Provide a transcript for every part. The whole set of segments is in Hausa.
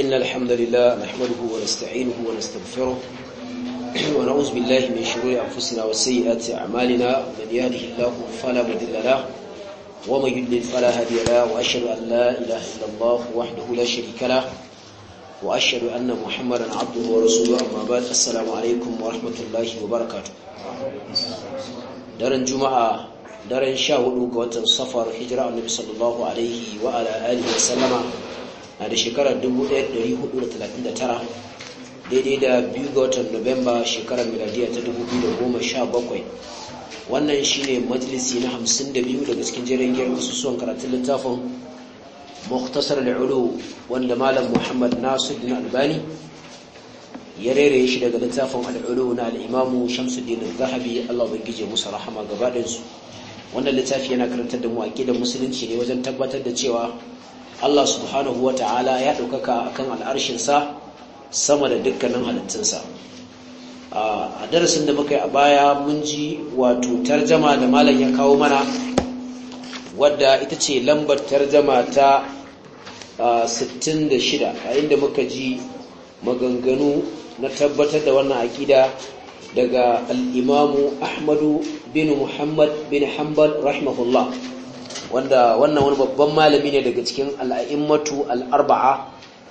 إن الحمد لله نحمده ونستعينه ونستغفره ونعوذ بالله من شرور أنفسنا وسيئات أعمالنا من يهده الله فلا مضل له ومن يضلل فلا هادي له وأشهد أن لا إله إلا الله وحده لا شريك له وأشهد أن محمدا عبده ورسوله أما بعد السلام عليكم ورحمة الله وبركاته daren juma'a daren sha hudu ga watan safar hijira annabi sallallahu alaihi wa ala alihi wa sallama na da shekarar 1439 daidai da biyu ga watan Nuwamba shekarar miladiya ta 2017 wannan shine majalisi na 52 daga cikin jirin gyar kasusuwan karatun littafin muktasar al'ulu wanda malam Muhammad Nasiruddin Albani ya rere shi daga littafin al'ulu na al'imamu Shamsuddin Zahabi Allah ubangije musa rahama gabaɗinsu wannan littafi yana karantar da mu aqidar musulunci ne wajen tabbatar da cewa Allah subhanahu wa ta'ala ya ɗaukaka kan al'arshinsa sama da dukkanin halittunsa a darasin da muka yi a baya mun ji wato tarjama da malam ya kawo mana wadda ita ce lambar tarjama ta 66 A inda muka ji maganganu na tabbatar da wannan aƙida daga al'imamu ahmadu bin muhammad bin hanbal rahimahullah wanda wannan wani babban malami ne daga cikin al'a'immatu al'arba'a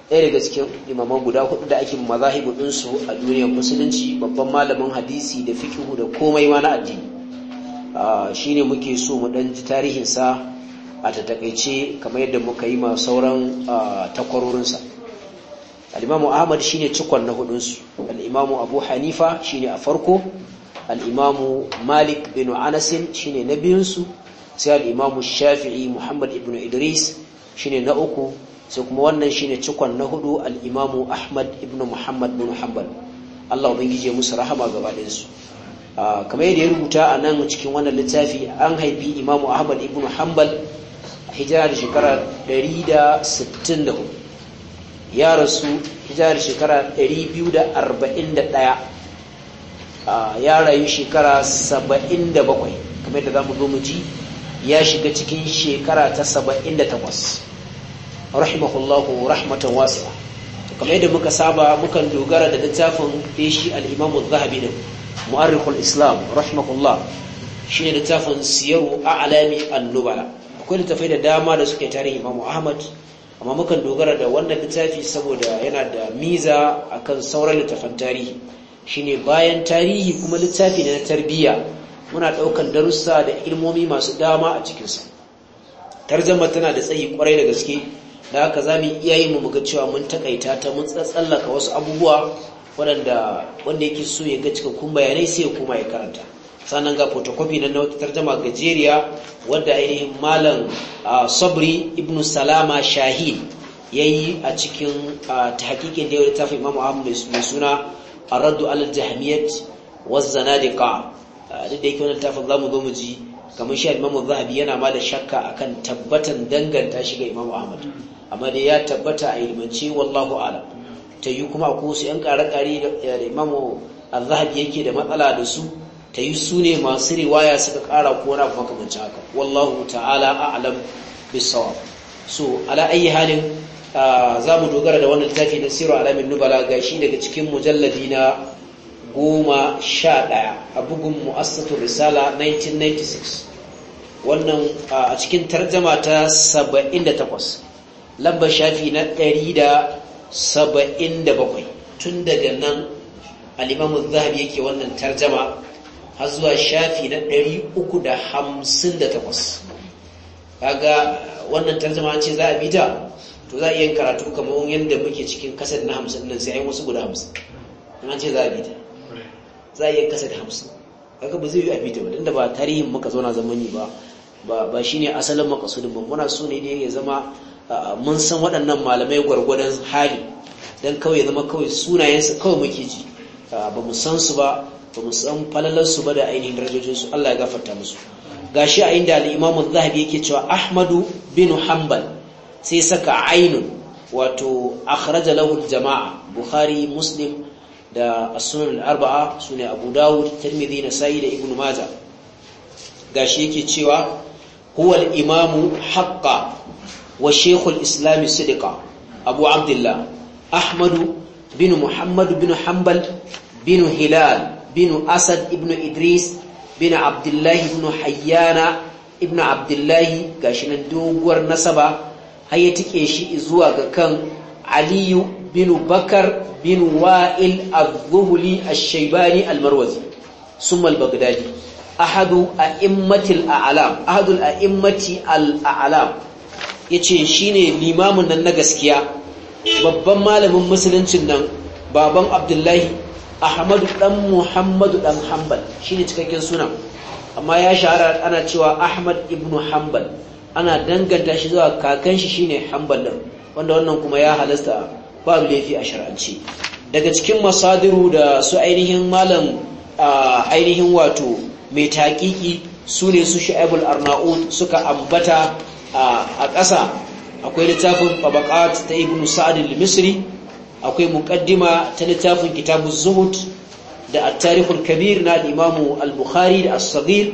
ɗaya daga cikin imaman guda hudu da ake mazahibu ɗinsu a duniyar musulunci babban malamin hadisi da fikihu da komai ma na addini shi ne muke so mu ɗan ji tarihinsa a ta taƙaice kamar yadda muka yi ma sauran takwarorinsa al'imamu ahmad shi ne cikon na hudunsu al'imamu abu hanifa shi ne a farko al'imamu malik bin anasin shi ne na biyunsu sai al’imam shafi'i muhammad ibn idris shine na uku sai kuma wannan shine cikon na hudu al'imamu ahmad ibn muhammad bin hanbal allah ubangiji musu rahama gaba ɗinsu ah, kamar yadda ya rubuta a nan cikin wannan littafi an haifi imam ahmad ibn hanbal hijira da shekara 164 ya rasu hijira da shekara 241 ah, ya rayu shekara 77 kamar yadda za mu zo mu ji ya shiga cikin shekara ta 78 rahimahullahu rahmatan wasi'a kamar yadda muka saba mukan dogara da littafin feshi al-Imam zahabi din al Islam rahimahullah shine littafin siyaru a'lami an-nubala akwai littafai da dama da suke tarihi Imam Ahmad amma mukan dogara da wannan littafi saboda yana da miza akan sauran littafan tarihi shine bayan tarihi kuma littafi na tarbiyya muna ɗaukan darussa da ilmomi masu dama a cikinsa tarjama tana da tsayi kwarai da gaske da haka za mu iya yi mu ga cewa mun takaita ta mun tsatsallaka wasu abubuwa waɗanda wanda yake so ya ga cikakkun bayanai sai ya koma ya karanta sannan ga photocopy na wata tarjama gajeriya wadda ainihin malam sabri ibn salama shahid ya yi a cikin tahqiqin da ya littafin imam ahmad mai suna arraddu al jahmiyyat wa zanadiqa duk da yake wannan tafin za mu zo mu ji kamar shi imamu zahabi yana ma da shakka akan tabbatan danganta shi ga imamu ahmad amma dai ya tabbata a ilimance, wallahu alam ta yi kuma ko su yan kare-kare da imamu zahabi yake da matsala da su ta yi su ne masu riwaya suka kara ko na makamancin haka wallahu ta'ala a'lam bisawab so ala ayi halin za mu dogara da wannan littafi na siru alamin nubala gashi daga cikin mujalladi na goma sha ɗaya a bugun mu'assatu risala 1996 wannan a cikin tarjama ta 78 lambar shafi na 177 tun daga nan alimamun zahabi yake wannan tarjama har zuwa shafi na 358 kaga wannan tarjama ce za a bi ta to za a iya karatu kamar yadda muke cikin kasar na 50 nan sai ai wasu guda 50 an ce za a bi ta za a iya kasa da hamsin aka ba zai yi a bita ba Danda ba tarihin muka zauna zamani ba ba shi ne asalin makasudin ba muna so ne ne ya zama mun san waɗannan malamai gwargwadon hali don kawai ya zama kawai sunayensu kawai muke ji ba mu san su ba ba mu san falalarsu ba da ainihin su. Allah ya gafarta musu shi a inda al'imamun zahabi yake cewa ahmadu bin hanbal sai saka ainun wato akhraja jama'a bukhari muslim da as arbaa sune Abu Dawud Tirmidhi sai da Ibn Majah gashi yake cewa huwal imamu haqqa wa shaykhul islami sidiqa Abu Abdullah Ahmadu, bin Muhammad bin Hanbal bin Hilal bin Asad ibn Idris bin Abdullah ibn Hayyana ibn Abdullah Gashinan nan doguwar nasaba har ya shi zuwa ga kan Aliyu بن بكر بن وائل الظهلي الشيباني المروزي ثم البغدادي أحد أئمة 'immati أحد الأئمة الأعلام yace shine limamin nan na gaskiya babban malamin musuluncin nan baban Abdullahi Ahmadu dan Muhammadu dan Hanbal shine cikakken sunan amma ya shahara ana cewa Ahmad ibn Hanbal ana danganta shi zuwa kakan shi shine Hanbal din wanda wannan kuma ya halasta babu laifi a shar'ance daga cikin masadiru da su ainihin malam ainihin wato mai taƙiƙi su ne su sha'ibul arna'ud suka ambata a ƙasa akwai littafin tabaqat ta ibnu sa'd misri akwai muqaddima ta littafin kitabuz zuhud da at-tarikh kabir na al-imam al-bukhari da as-saghir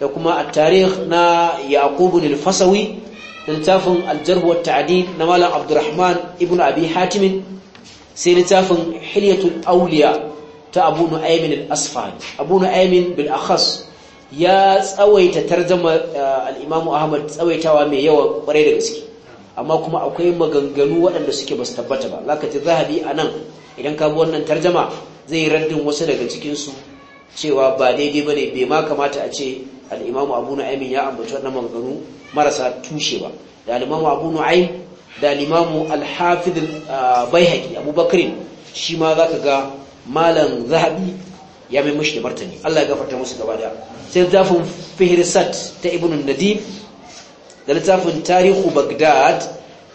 da kuma at-tarikh na yaqub al-fasawi littafin aljarh wa na malam abdurrahman ibnu abi hatimin sai littafin hilyatul auliya ta abu nu'aymin al-asfahani abu nu'aymin bil akhas ya tsawaita tarjama eh, al-imam ahmad tsawaitawa mai yawa kwarai da gaske amma kuma akwai maganganu waɗanda suke basu tabbata ba zaka ji zahabi anan idan ka bi wannan tarjama zai raddin wasu daga cikin su cewa ba daidai ne bai ma kamata a ce al'imamu imam Abu ya ambaci wannan maganganu marasa tushe ba da al-Imam Abu Nu'aym da al-Imam al shi ma zaka ga malam Zahabi ya mai mashi da martani Allah ya gafarta musu gaba daya sai littafin Fihrisat ta Ibn Nadim da littafin Tarihu bagdad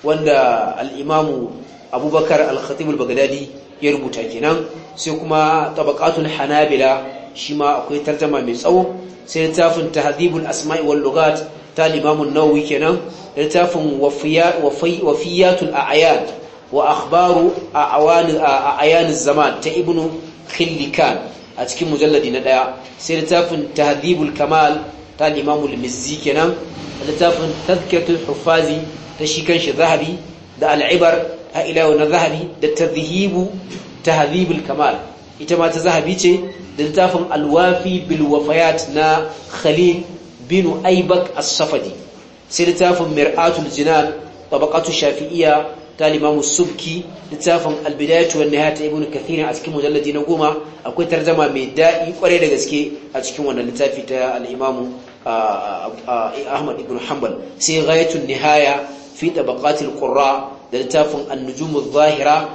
wanda al'imamu abubakar al bagdadi ya rubuta kenan sai kuma tabakatul hanabila shi ma akwai tartama mai tsawo sai littafin tahadibul asma'i wal lughat ta limamun nawawi kenan littafin wafiyatul a'yan wa akhbaru a ayani zaman ta ibnu khillikan a cikin mujalladi na daya sai littafin tahdhibul kamal ta limamul mizzi kenan littafin tazkiyatul hufazi ta shi kanshi zahabi da al'ibar a ila na zahabi da tadhhibu tahdhibul kamal ita ma ta zahabi ce da littafin alwafi bilwafayat na khalil binu aibak as-safadi sai littafin mir'atul jinan tabaqatu shafi'iyya ta limamu subki littafin albidayatu wan nihayat ibn kathir a cikin mujalladi na goma akwai tarjama mai daɗi kwarai da gaske a cikin wannan littafi ta al-imamu ahmad ibn hanbal sai ghayatul nihaya fi tabaqatil qurra da littafin an-nujum adh-dhahira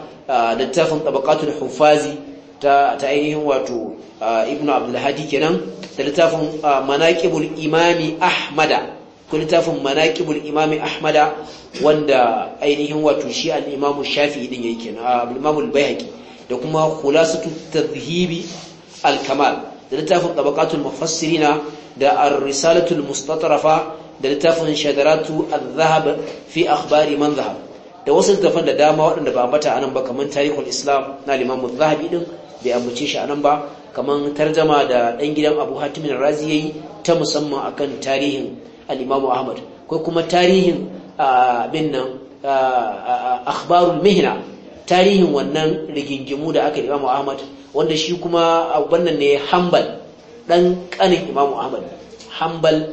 littafin tabaqatul hufazi ta ta ainihin wato ibnu abdulhadi kenan da littafin manaqibul imami ahmada ko littafin manaqibul imami ahmada wanda ainihin wato shi al-imam shafi'i din yake kenan al-imam al da kuma khulasatu tadhhibi al-kamal da littafin tabaqatul mufassirina da ar-risalatul mustatrafa da littafin shadaratu al-zahab fi akhbari man zahab da wasu littafan da dama waɗanda ba a anan ba kamar tarihul islam na al-imam zahabi din bai ambace shi anan ba kaman tarjama da dan gidan Abu Hatim al-Razi yayi ta musamman akan tarihin al Ahmad ko kuma tarihin abin nan akhbarul mihna tarihin wannan rigingimu da aka Imam Ahmad wanda shi kuma wannan nan ne Hanbal dan kanin Imam Ahmad Hanbal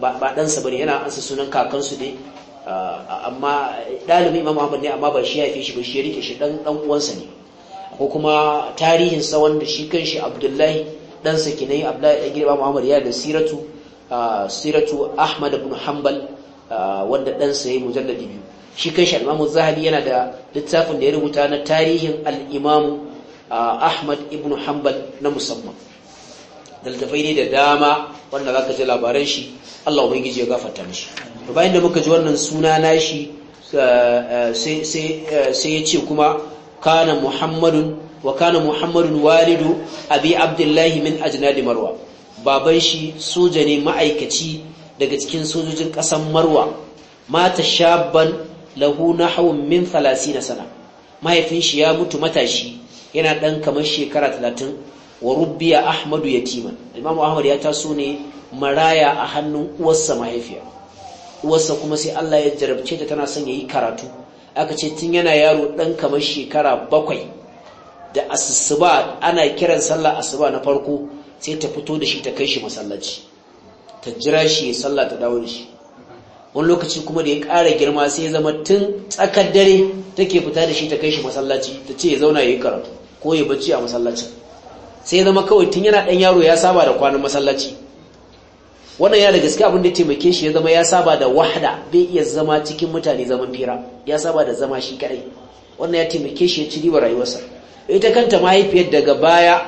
ba ɗansa ba yana ansa sunan kakansu ne amma ɗalibin imam ahmad ne amma ba shi haife shi ba shi ya rike shi ɗan uwansa ne ko kuma tarihin sa wanda shi kanshi Abdullahi dan sa kinai Abdullahi dan girba Muhammad ya da siratu siratu Ahmad ibn Hanbal wanda dan sa yayi mujalladi biyu shi kanshi al-Imam Zahabi yana da littafin da ya rubuta na tarihin al-Imam Ahmad ibn Hanbal na musamman daltafai ne da dama wanda za ka ji labaran shi Allah Ubangiji ya gafarta mishi bayan da muka ji wannan suna nashi sai ya ce kuma kana muhammadun wa kana muhammadun walidu abi abdullahi min ajnadi marwa baban shi soja ne ma'aikaci daga cikin sojojin ƙasan marwa mata shaban lahu na hawan min na sana mahaifin shi ya mutu matashi yana ɗan kamar shekara talatin, wa rubbiya ahmadu yatima imamu ahmad ya taso ne maraya a hannun uwarsa mahaifiya uwarsa kuma sai Allah ya jarabce ta tana son ya yi karatu aka ce tun yana yaro ɗan kamar shekara bakwai da asusuba ana kiran sallah asuba na farko sai ta fito da shi ta kai shi masallaci ta jira shi ya salla ta dawo da shi wani lokaci kuma da ya ƙara girma sai ya zama tun tsakar dare take fita da shi ta kai shi masallaci ta ce ya zauna ya yi karatu ko ya bacci a masallacin sai ya zama kawai tun yana ɗan yaro ya saba da kwanan masallaci wannan yana da gaske abin da taimake shi ya zama ya saba da wahda bai iya zama cikin mutane zaman fira ya saba da zama shi kadai wannan ya taimake shi ya ci riba rayuwarsa ita kanta mahaifiyar daga baya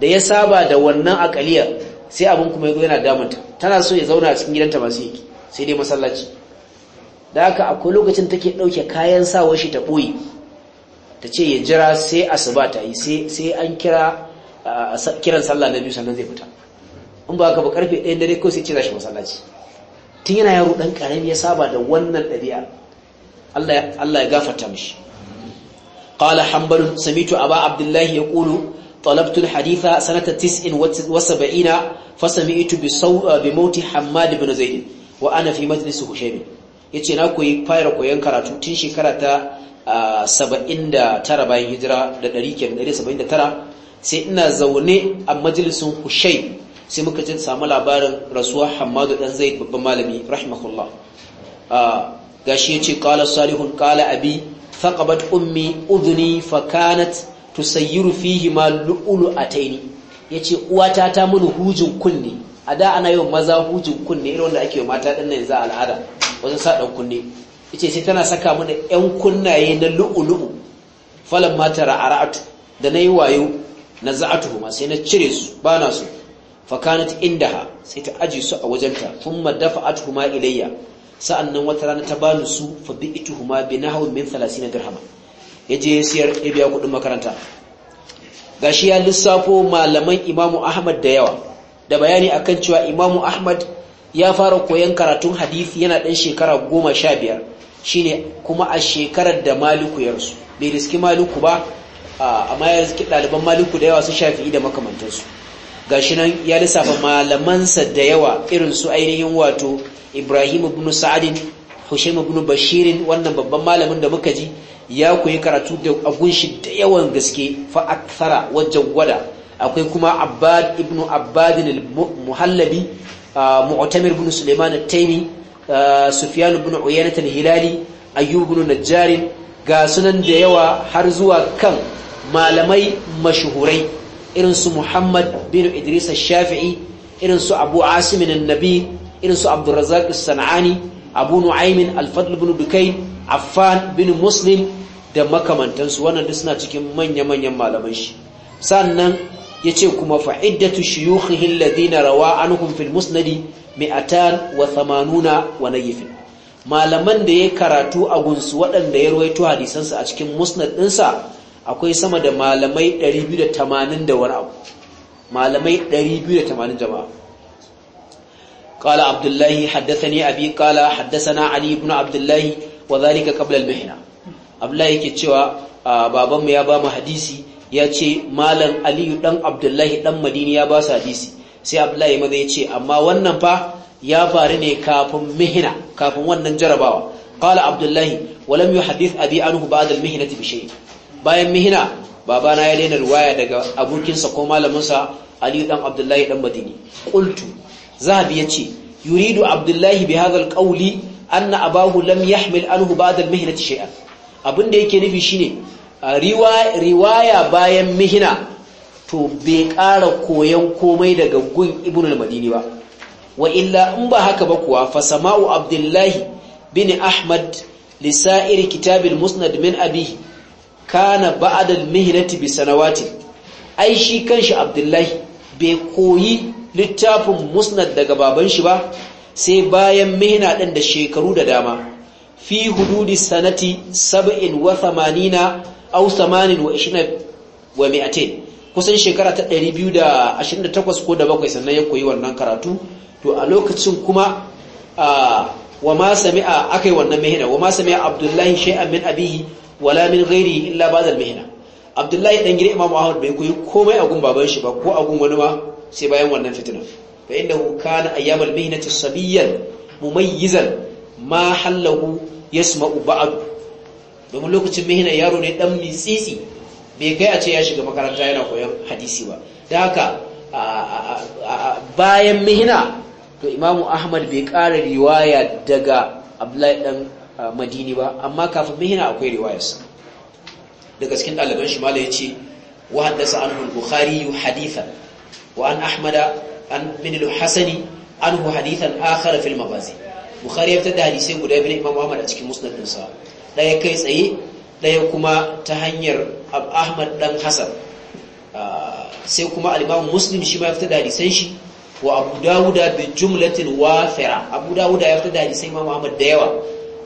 da ya saba da wannan akaliyar sai abin kuma ya zo yana damunta tana so ya zauna a cikin gidanta masu yake sai dai masallaci da haka akwai lokacin take ɗauke kayan sawa shi ta ɓoye ta ce ya jira sai asuba ta yi sai an kira kiran sallah na biyu sannan zai fita in ba ka ba karfe ɗayan dare ko sai ce za shi masallaci tun yana yaro ɗan ƙarami ya saba da wannan ɗabi'a Allah ya gafarta mishi qala hanbal samitu aba abdullahi yaqulu طلبت الحديث سنة تسع وسبعين فسمعت بموت حماد بن زيد وأنا في مجلس هشام yace na koyi fara koyon karatu tun shekara ta 79 bayan hijira da 100 kenan 179 sai ina zaune a majalisun Hushaym sai muka ji samu labarin rasuwa hamadu dan zaid babban malami rahimahullah ah, gashi yace ƙala salihun ƙala abi thaqabat ummi uduni fakanat kanat tusayyiru fihi ma lu'ulu a ya yace uwata ta mun hujin kunne a da ana yawan maza hujin kunne irin wanda ake mata din nan a al'ada wajen sa kunne ce sai tana saka mana yan kunnaye na lu'ulu'u falon mata tara da da yi wayo na tuhuma sai na cire su bana su fakanat indaha sai ta aje su a wajenta thumma dafa'atuhuma ilayya sa'annan wata rana ta bani su fa bi'tuhuma bi nahwin min 30 dirhama yaje ya siyar ya biya kuɗin makaranta gashi ya lissafo malaman Imamu Ahmad da yawa da bayani akan cewa Imamu Ahmad ya fara koyon karatun hadisi yana dan shekara 15 shine kuma a shekarar da Maliku ya rasu bai riski Maliku ba amma ya riski ɗaliban Maliku da yawa su Shafi'i da makamantansu gashi nan ya lissafa malamansa da yawa irin su ainihin wato Ibrahim ibn Sa'adin Hushaim ibn Bashirin wannan babban malamin da muka ji ya koyi karatu da shi da yawan gaske fa akthara wajen wada akwai kuma Abbad ibn Abbad al-Muhallabi Mu'tamir ibn Sulaiman al-Taymi Sufyan ibn Uyaynah al-Hilali Ayyub ibn Najjar ga sunan da yawa har zuwa kan malamai mashuhurai irin su Muhammad bin Idris shafii irin su Abu Asim an-Nabi irin su sanani Abu Nu'aym al-Fadl ibn Affan bin Muslim da makamantansu wannan duk suna cikin manya-manyan malaman shi sannan yace kuma fa'iddatu shuyukhihi alladhina rawa anhum fil musnadi mi'atan wa thamanuna wa malaman da ya karatu a gunsu waɗanda ya ruwaito hadisansa a cikin musnad ɗinsa akwai sama da malamai 280 da wani abu malamai 280 jama'a قال عبد الله حدثني أبي قال حدثنا علي بن عبد الله وذلك قبل المحنة عبد الله yake cewa babanmu ya ba mu hadisi ya ce malam Aliyu dan Abdullahi dan Madini ya ba su hadisi sai Abdullahi maza ya ce amma wannan fa ya faru ne kafin mihina kafin wannan jarabawa qala Abdullahi walam yuhaddith abi anhu ba'da al-mihnati bi shay'in bayan mihina babana ya daina ruwaya daga abokinsa ko malaminsa aliyu dan abdullahi dan madini qultu zahabi yace yuridu abdullahi bi hadha alqawli anna abahu lam yahmil anhu ba'da almihnati shay'an da yake nufi shine riwaya bayan mihina to bai ƙara koyan komai daga gun ibn madini ba wa illa in ba haka ba kuwa fa sama'u abdullahi bin ahmad li sa'ir kitab musnad min abihi kana ba'adal mihnati bi sanawati ai shi kanshi abdullahi bai koyi littafin musnad daga baban shi ba sai bayan mihna din da shekaru da dama fi hududi sanati 87 aw 28 wa 200 kusan shekara ta 228 ko da bakwai sannan ya koyi wannan karatu to a lokacin kuma wa ma sami'a akai wannan mihna wa ma sami'a abdullahi shay'an min abihi wala min ghairi illa ba'd mihna abdullahi dan gidan imamu ahmad bai koyi komai a gun baban shi ba ko a gun wani ma sai bayan wannan fitina fa innahu kana ayyam al-mihnati sabiyyan mumayyizan ma hallahu yasma'u ba'd domin lokacin mihna yaro ne dan mitsitsi bai kai a ce ya shiga makaranta yana koyon hadisi ba da haka bayan mihna to imamu ahmad bai ƙara riwaya daga abdullahi dan madini ba amma kafin mihina akwai riwayarsa daga cikin ɗaliban shi mala ya ce wa haddasa an bukhari hadithan wa an ahmada an bin al-hasani anhu hadithan akhar fil maghazi bukhari ya fitar da hadisai guda biyu imam muhammad a cikin musnad ɗaya kai tsaye ɗaya kuma ta hanyar ahmad dan hasan sai kuma al-imam muslim shi ma ya fitar da hadisan shi wa abu dawuda bi jumlatin wafira abu dawuda ya fitar da hadisai imam Muhammad da yawa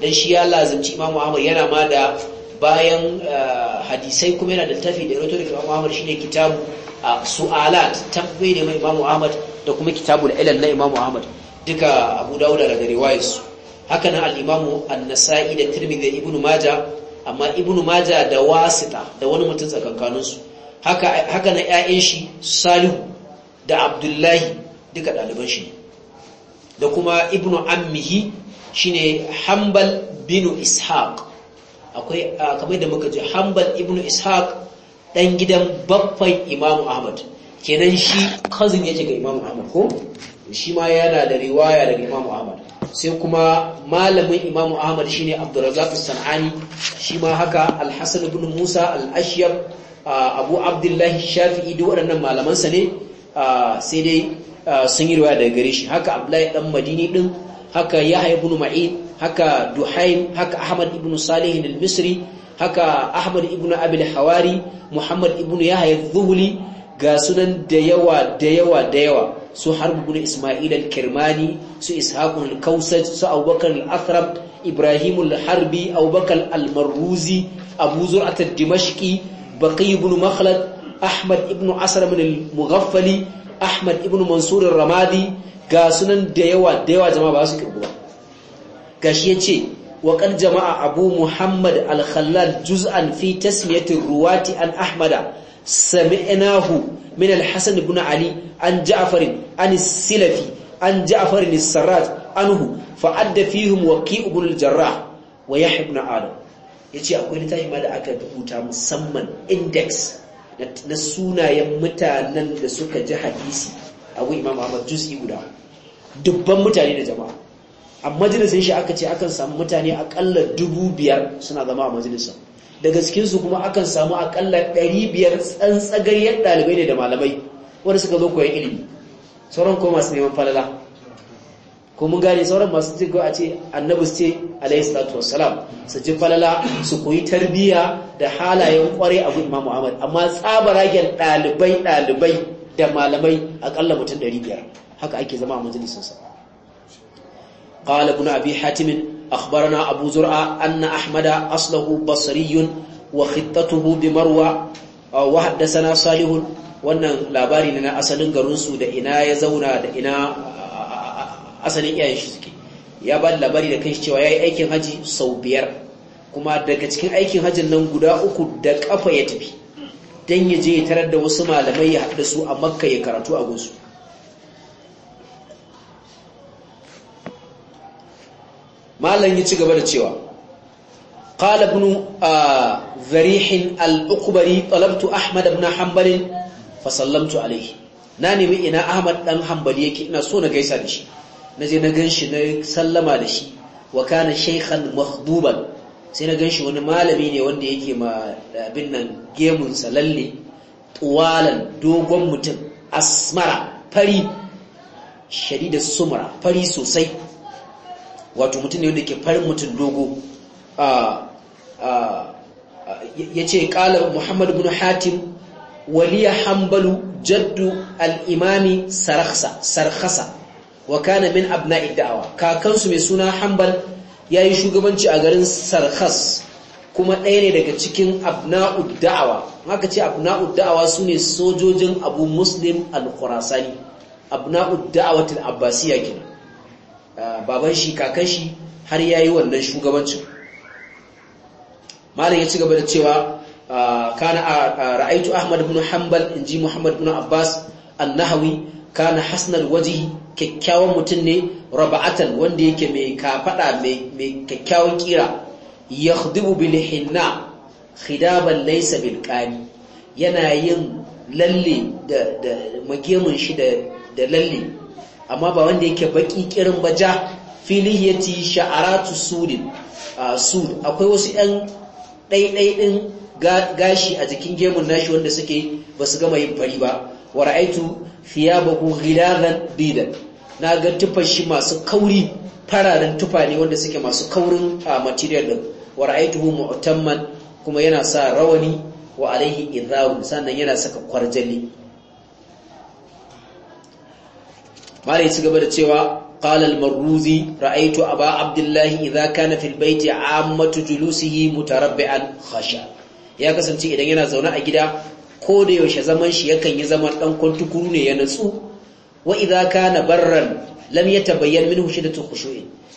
dan shi ya lazimci Imam Ahmad yana ma da bayan eh, hadisai kuma yana da tafi da rotori Imam Ahmad shine kitabu ah, su'alat tabbai da Imam Ahmad da kuma ilal na Imam Ahmad duka Abu Dawud daga riwayarsu haka nan al-Imam An-Nasa'i da Tirmidhi da Ibn Majah amma Ibn Majah da wasita da wani mutum tsakankanin su haka haka nan ƴaƴan shi Salihu da Abdullahi duka ɗaliban shi da kuma ibnu Ammihi shine Hambal bin Ishaq akwai kamar da muka ji Hanbal ibnu Ishaq dan gidan babban Imam Ahmad kenan shi cousin yake ga imamu Ahmad ko shi ma yana da riwaya daga imamu Ahmad sai kuma malamin Imam Ahmad shine Abdurrazzaq as-Sanani shi ma haka Al-Hasan ibn Musa al-Ashyab Abu Abdullah Shafi'i da waɗannan malaman sa ne sai dai sun yi riwaya daga gare shi haka Abdullahi dan Madini din haka yahya ibn ma'in haka duhaim haka ahmad ibn salih al-misri haka ahmad ibn abil hawari muhammad ibn yahya az-zuhli ga sunan da yawa da yawa da yawa su harbu ibn isma'il al-kirmani su ishaqun al-kausaj su abubakar al-athrab ibrahim al-harbi abubakar al-marruzi abu zur'at ad-dimashqi baqi ibn makhlad ahmad ibn asram al-mughaffali ahmad ibn mansur al-ramadi ga sunan da yawa da yawa jama'a ba su kirgu ba gashi yace waƙar jama'a abu muhammad al-khallal juz'an fi tasmiyati ruwati an ahmada sami'nahu min al-hasan ibn ali an ja'far an silafi an ja'far sarrat anhu fa fihim waqi' ibn al-jarrah wa yahya ibn adam yace akwai littafi ma da aka rubuta musamman index na sunayen mutanen da suka ji hadisi abu imam ahmad juz'i guda dubban mutane da jama'a a majalisun shi aka ce akan samu mutane akalla dubu biyar suna zama a majalisin daga cikinsu kuma akan samu akalla ɗari biyar tsantsagayyar ɗalibai ne da malamai wanda suka zo koyan ilimi sauran ko masu neman falala ko mun gane sauran masu jirgin a ce annabi su ce alayhi salatu wassalam su ji falala su koyi tarbiyya da halayen kwarai a gudun muhammad amma tsabaragen ɗalibai ɗalibai da malamai akalla mutum ɗari biyar haka ake zama a majalisinsa qala ibn abi hatimin akbarana abu zur'a anna ahmada aslahu basriyun wa khittatuhu bi marwa wa haddathana wannan labari ne na asalin garin da ina ya zauna da ina asalin iyayen shi suke ya ba labari da kai cewa ya yi aikin haji sau biyar kuma daga cikin aikin hajin nan guda uku da kafa ya tafi dan ya je ya tarar da wasu malamai ya haddasu su a makka ya karatu a gunsu malam ya ci gaba da cewa qala ibn ah, zarih al-uqbari talabtu ahmad ibn hanbal fa sallamtu alayhi na nemi ina ahmad dan hanbali yake ina so na gaisa da shi naje na ganshi na sallama da shi wa kana shaykhan makhduban sai na ganshi wani malami ne wanda yake ma abin nan gemun salalle tuwalan dogon mutum asmara fari shadida sumra fari sosai wato mutum ne wanda ke farin mutum dogo ya ce ƙalar Muhammadu bin hatim waliya hambalu jaddu al'imami sarkasa. wa kana min abna idda'awa kakansu mai suna hambal ya yi shugabanci a garin sarkhas kuma ɗaya ne daga cikin abna da'awa haka ce abna da'awa su ne sojojin abu muslim al abna abna'ud til abbasiyya kenan Ah, baban shi kakan shi har ya yi wannan shugabancin malam ya ci gaba da cewa ah, kana ah, ra'aitu ahmad ibn hanbal inji muhammad ibn abbas annahawi kana hasnal wajihi kyakkyawar mutum ne raba'atan wanda yake mai kafada mai kyakkyawan kira yakhdibu bil hinna khidaban laysa bil qani yana yin lalle da da magemin shi da da lalle amma ba wanda yake baki kirin ba ja filiyati sha'aratu sudin sud akwai wasu yan ɗaiɗaiɗin gashi a jikin gemun nashi wanda suke ba su gama yin fari ba wa ra'aitu thiyabahu ghilalan bidan na ga tufan shi masu kauri fararen tufa ne wanda suke masu kaurin a material din wa ra'aituhu mu'tamman kuma yana sa rawani wa alaihi idharu sannan yana saka kwarjali malai ci gaba da cewa qala al-marruzi a aba abdullahi idha kana fil baiti ammatu julusihi mutarabbi'an khasha ya kasance idan yana zaune a gida ko da yaushe zaman shi yakan yi zaman ɗan kwantukuru ne ya natsu wa idha kana barran lam yatabayyan minhu da tukushe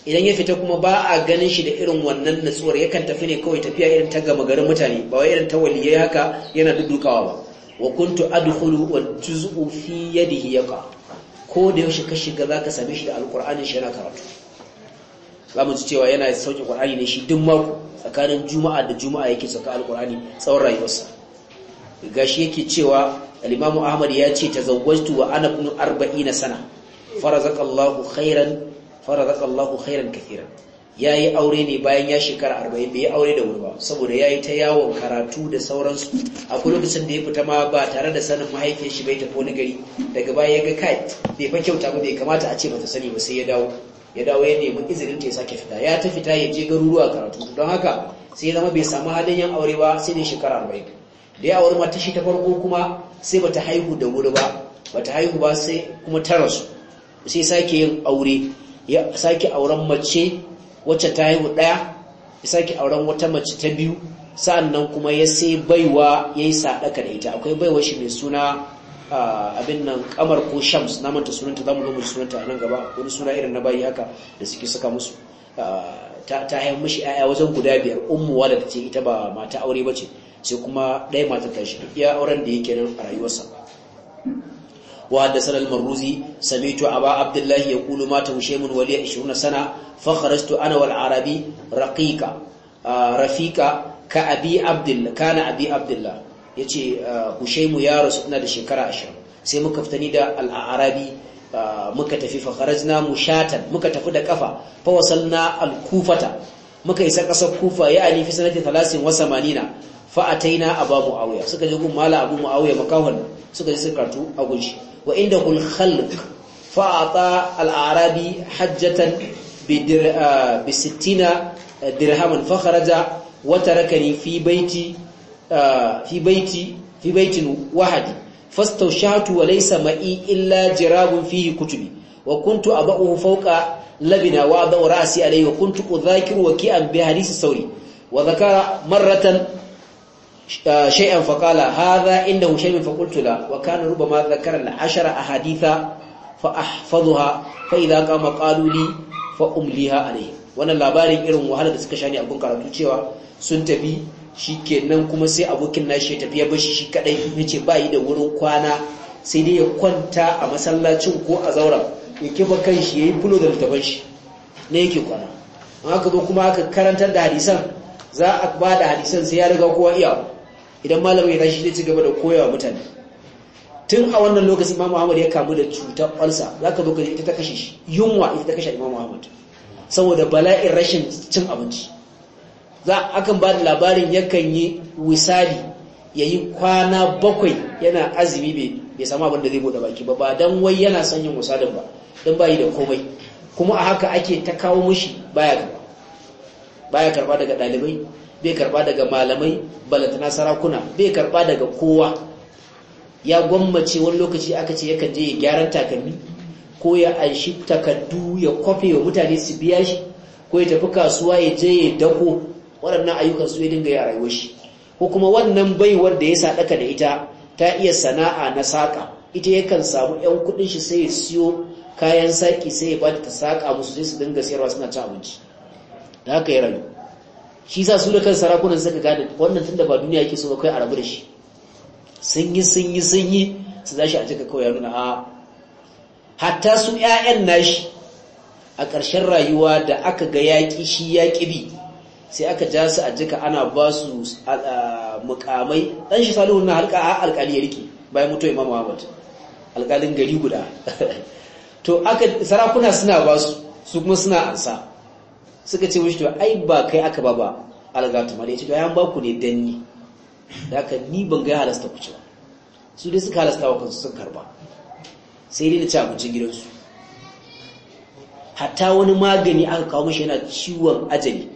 idan ya fita kuma ba a ganin shi da irin wannan natsuwar yakan tafi ne kawai tafiya irin ta gama garin mutane ba wai irin ta waliyai haka yana dudukawa ba wa kuntu adkhulu wal juz'u fi yadihi yaqa ko da yaushe ka shiga za ka same shi da alƙur'anin shi yana karatu za mu ji cewa yana sauƙi ƙur'ani ne shi duk mako tsakanin juma'a da juma'a yake sauka alƙur'ani tsawon rayuwarsa gashi yake cewa al ahmad ya ce ta tazawwajtu wa ana ibn 40 sana farazaqallahu khairan farazaqallahu khairan kathiran ya yi aure ne bayan ya shekara arba'in bai yi aure da wuri ba saboda ya yi ta yawon karatu da sauransu akwai lokacin da ya fita ma ba tare da sanin mahaifiyar shi bai ta wani gari daga baya ya ga kai bai fa kyauta ba bai kamata a ce bata sani ba sai ya dawo ya dawo ya nemi izinin ta ya sake fita ya ta fita ya je garuruwa karatu don haka sai ya zama bai samu halin yin aure ba sai ne shekara arba'in da ya aure mata shi ta farko kuma sai bata haihu da wuri ba bata haihu ba sai kuma ta rasu sai sake yin aure ya sake auren mace wacce ta haihu ɗaya ya sake auren wata mace ta biyu sa'annan kuma ya sai baiwa ya yi sadaka da ita akwai baiwa shi mai suna abin nan kamar ko shams na manta sunanta za mu zo mu sunanta a nan gaba wani suna irin na bayi haka da suke saka musu ta haihu mashi ƴaƴa wajen guda biyar ummu da ce ita ba mata aure ba ce sai kuma ɗaya mata ta shi iya auren da yake nan a rayuwarsa وحدثنا المروزي سمعت أبا عبد الله يقول مات kulu ولي 20 سنة فخرجت أنا والعربي رقيقا رفيقا كأبي عبد الله كان أبي عبد الله yace Hushaimu ya rasu ina da shekara 20 sai muka fitani da al muka tafi fa kharajna mushatan muka tafi da kafa fa wasalna al-Kufata muka isa kasar Kufa ya ani fi sanati 30 fa ataina a muawiya suka je gun mala abu muawiya makahon suka je suka karatu a gunshi wa inda kul khalq fa al arabi hajjatan bi ah, bi 60 dirhaman fa kharaja wa tarakani fi baiti ah, fi baiti fi baitin wahadi fastawshatu wa laysa ma'i illa jirabun fihi kutubi wa kuntu abahu fawqa labina wa adaw ra'si alayhi wa kuntu udhakiru waki'an bi hadisi sauri wa dhakara marratan shay'an faqala hadha inda shay'un faqultu la wa kana rubama dhakara al-ashara a haditha ahfazuha fa idha kama qalu li fa umliha ne. wannan labarin irin wahala da suka shani abun karatu cewa sun tafi shi kenan kuma sai abokin na ya tafi ya bashi shi kadai yace ba yi da wurin kwana sai dai ya kwanta a masallacin ko a zauren ya kifa ya yayi fulo da littafin shi ne yake kwana an haka zo kuma aka karantar da hadisan za a ba da hadisan sai ya riga kowa iyawa idan malamai ya shi ci gaba da koyawa mutane tun a wannan lokacin imamu ya kamu da cutar ulsa za ka zoka ita ta kashe shi yunwa ita ta kashe imamu ahmad saboda bala'in rashin cin abinci za akan ba da labarin yakan yi wisali ya yi kwana bakwai yana azumi bai samu abin da zai bude baki ba ba don wai yana son yin wisalin ba don bayi da komai kuma a haka ake ta kawo mushi baya karba baya karba daga ɗalibai bai karba daga malamai balantana sarakuna bai karba daga kowa ya gwammace wani lokaci aka ce yakan je ya gyaran takalmi ko ya anshi takardu ya kwafe wa mutane su biya shi ko ya tafi kasuwa ya je ya dako waɗannan ayyukan su ya dinga ya rayuwar shi ko kuma wannan baiwar da ya sadaka da ita ta iya sana'a na saka ita yakan samu yan kuɗin shi sai ya siyo kayan saki sai ya ba ta saka musu sai su dinga siyarwa suna ci abinci da haka ya rayu shi sa su da kan sarakunan suka gane wannan tunda ba duniya yake so ba kai a rabu da shi sun yi sun yi sun yi su zashi a cika kawai ya nuna a hatta su ƴaƴan nashi a ƙarshen rayuwa da aka ga yaƙi shi yaƙi bi sai aka ja su a jika ana ba su mukamai Ɗan shi salihu na halka a alƙali ya riƙe, bayan mutuwa Imam Muhammad, alƙalin gari guda to aka sarakuna suna ba su su kuma suna ansa suka ce mishi to ai ba kai aka ba ba algatu mali ce to ai an ba ku ne dan ni da ka ni ban ga halasta ku cewa su dai suka halasta wa kansu sun karba sai dai na ci abincin gidansu hatta wani magani aka kawo mashi yana ciwon ajali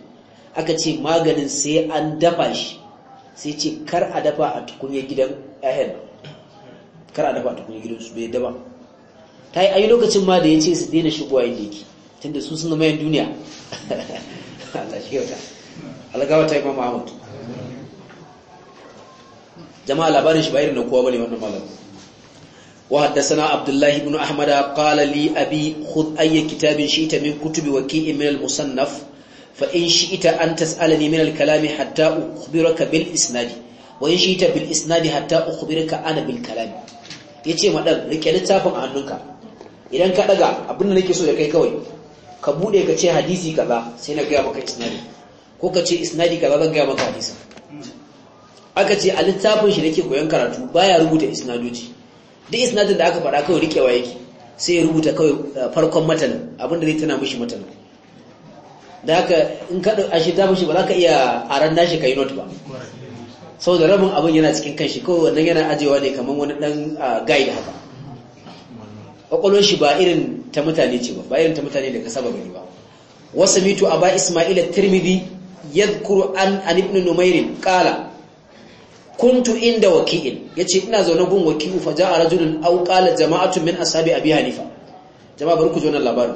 aka ce maganin sai an dafa shi sai ce kar a dafa a tukunye gidan ahen kar a dafa a tukunye gidansu bai dafa ta yi ayi lokacin ma da ya ce su daina shigowa yadda yake tunda su suna mayan yi kuma mahamud jama'a labarin shi bayan nan kowa bane wannan malam wa haddathana abdullahi ibn ahmad qala li abi khudh ayy kitabin shi'ta min kutubi waki min al musannaf fa in shi'ta an tas'alani min al kalami hatta ukhbiraka bil isnad wa in shi'ta bil isnad hatta ukhbiraka ana bil kalami yace madan rike littafin a hannunka idan ka ɗaga abin da nake so ya kai kawai ka bude ka ce hadisi kaza sai na gaya maka isnadi ko ka ce isnadi kaza zan gaya maka hadisi aka ce a littafin shi nake koyon karatu baya rubuta isnadoji duk isnadin da aka faɗa kawai rikewa yake sai ya rubuta kawai eh, farkon matanin abinda zai tana mishi matanin da haka in ka a shi ta mishi ba za ka iya aran nashi ka yi not ba sau da rabin abin yana cikin kanshi kawai wannan yana ajewa ne kamar wani ɗan ah, guide haka ƙwaƙwalon shi ba irin ta mutane ce ba ba ta mutane da ka saba gani ba wasu mitu aba isma'il at-tirmidhi ya kuru an ibn numairin kala. kuntu inda waki'in ce ina zaune gun waki'u fa a rajulun au kala jama'atun min ashabi abi hanifa jama'a ku ji wannan labarin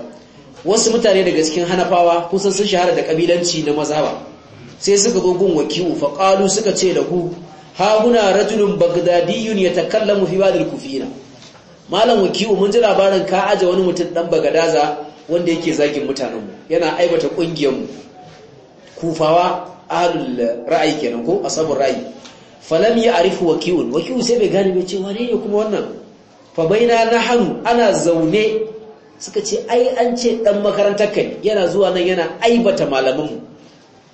wasu mutane daga cikin hanafawa kusan sun shahara da kabilanci na ba sai suka zo gun waki'u fa suka ce lahu ha huna rajulun bagdadiyun yatakallamu fi ba'd al-kufina malam wakiu mun ji labarin ka aje wani mutum dan bagadaza wanda yake zagin mutanenmu yana aibata mu kufawa ahlul ra'ayi kenan ko asabul ra'ayi falam arifu wakiun wakiwu sai bai gane bai ce wane ne kuma wannan fa baina nahnu ana zaune suka ce ai an ce dan makarantar kai yana zuwa nan yana aibata malamanmu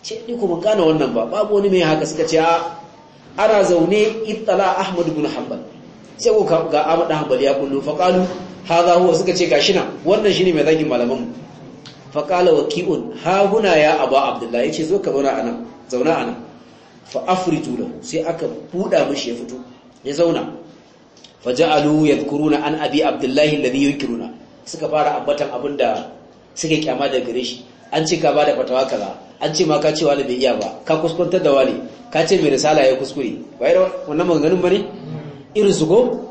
ce ni kuma gane wannan ba babu wani mai haka suka ce a ana zaune ittala ahmad ibn hanbal sai ku ga Ahmad dan ya kullu fa qalu hadha huwa suka ce gashi nan wannan shine mai zagin malaman mu fa qala waqi'un ha huna ya aba abdullahi yace zo ka zauna anan zauna anan fa afritu lahu sai aka buda mishi ya fito ya zauna fa ja'alu yadhkuruna an abi abdullahi alladhi yukiruna suka fara abun abinda suke kyama da gare shi an ce ka bada fatawa kaza an ce ma ka ce wani bai iya ba ka kuskuntar da wani ka ce mai risala ya kuskure bai wannan maganganun bane irin su go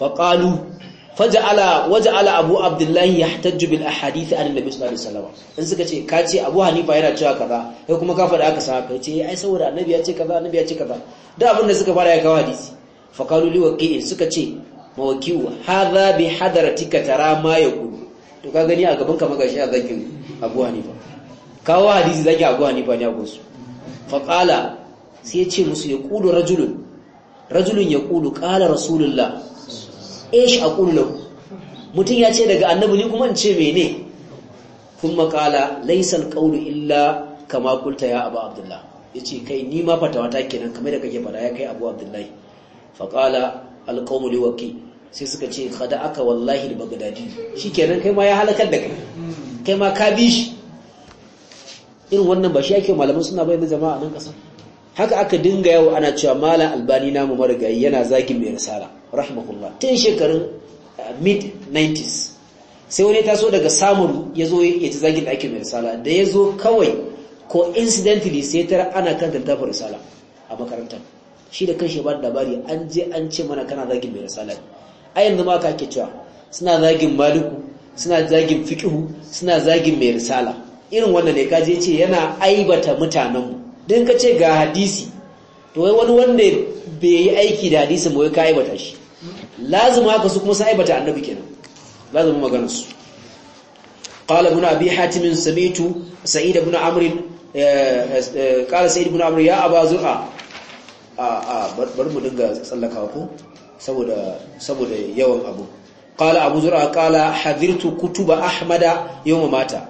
faqalu faj'ala waj'ala abu abdullahi yahtajju bil ahadith an nabi sallallahu alaihi wasallam in suka ce ka ce abu hanifa yana cewa kaza kai kuma ka faɗa aka sa ka ce ai saboda annabi ya ce kaza annabi ya ce kaza da abin da suka fara ya kawo hadisi faqalu li waqi'in suka ce mawqi'u hadha bi hadratika tara ma yaqul to ka gani a gaban ka magashi a zakin abu hanifa kawo hadisi zaki abu hanifa ne a gosu faqala sai ya ce musu yaqulu rajulun rajulun yaqulu qala rasulullah ايش اقول له mutum ya ce daga annabi ni kuma in ce mene kuma kala laisal alqawlu illa kama qulta ya abu abdullah yace kai ni ma fatawa ta kenan kamar da kake fada ya kai abu abdullahi fa kala alqawmu liwaki sai suka ce kada aka wallahi albagdadi shikenan kai ma ya halakar da kai kai ma ka bi shi irin wannan ba shi ake malaman suna bayyana jama'a nan kasar haka aka dinga yawo ana cewa malam albani namu marigayi yana zagin mai risala rahimahullah tun shekarun uh, mid 90s sai wani taso daga samun ya zo ya ci zagin ɗakin mai risala da ya zo kawai ko incidentally sai ta ana kan tattafin risala a makarantar shi da kanshi ba da labari an je an ce mana kana zagin mai risala a yanzu ma ka ke cewa suna zagin maliku suna zagin fikihu suna zagin mai risala irin wannan ne kaje ce yana aibata mutanenmu din ka ce ga hadisi to wai wani wanda bai yi aiki da hadisi mai ka aibata shi lazima haka su kuma sa aibata annabi kenan lazima magana su qala ibn abi hatim samitu sa'id ibn amr eh, eh, qala sa'id ibn amr ya aba zur'a a a bar mu dinga tsallaka ko saboda saboda yawan abu qala abu zur'a qala hadirtu kutuba ahmada yawma mata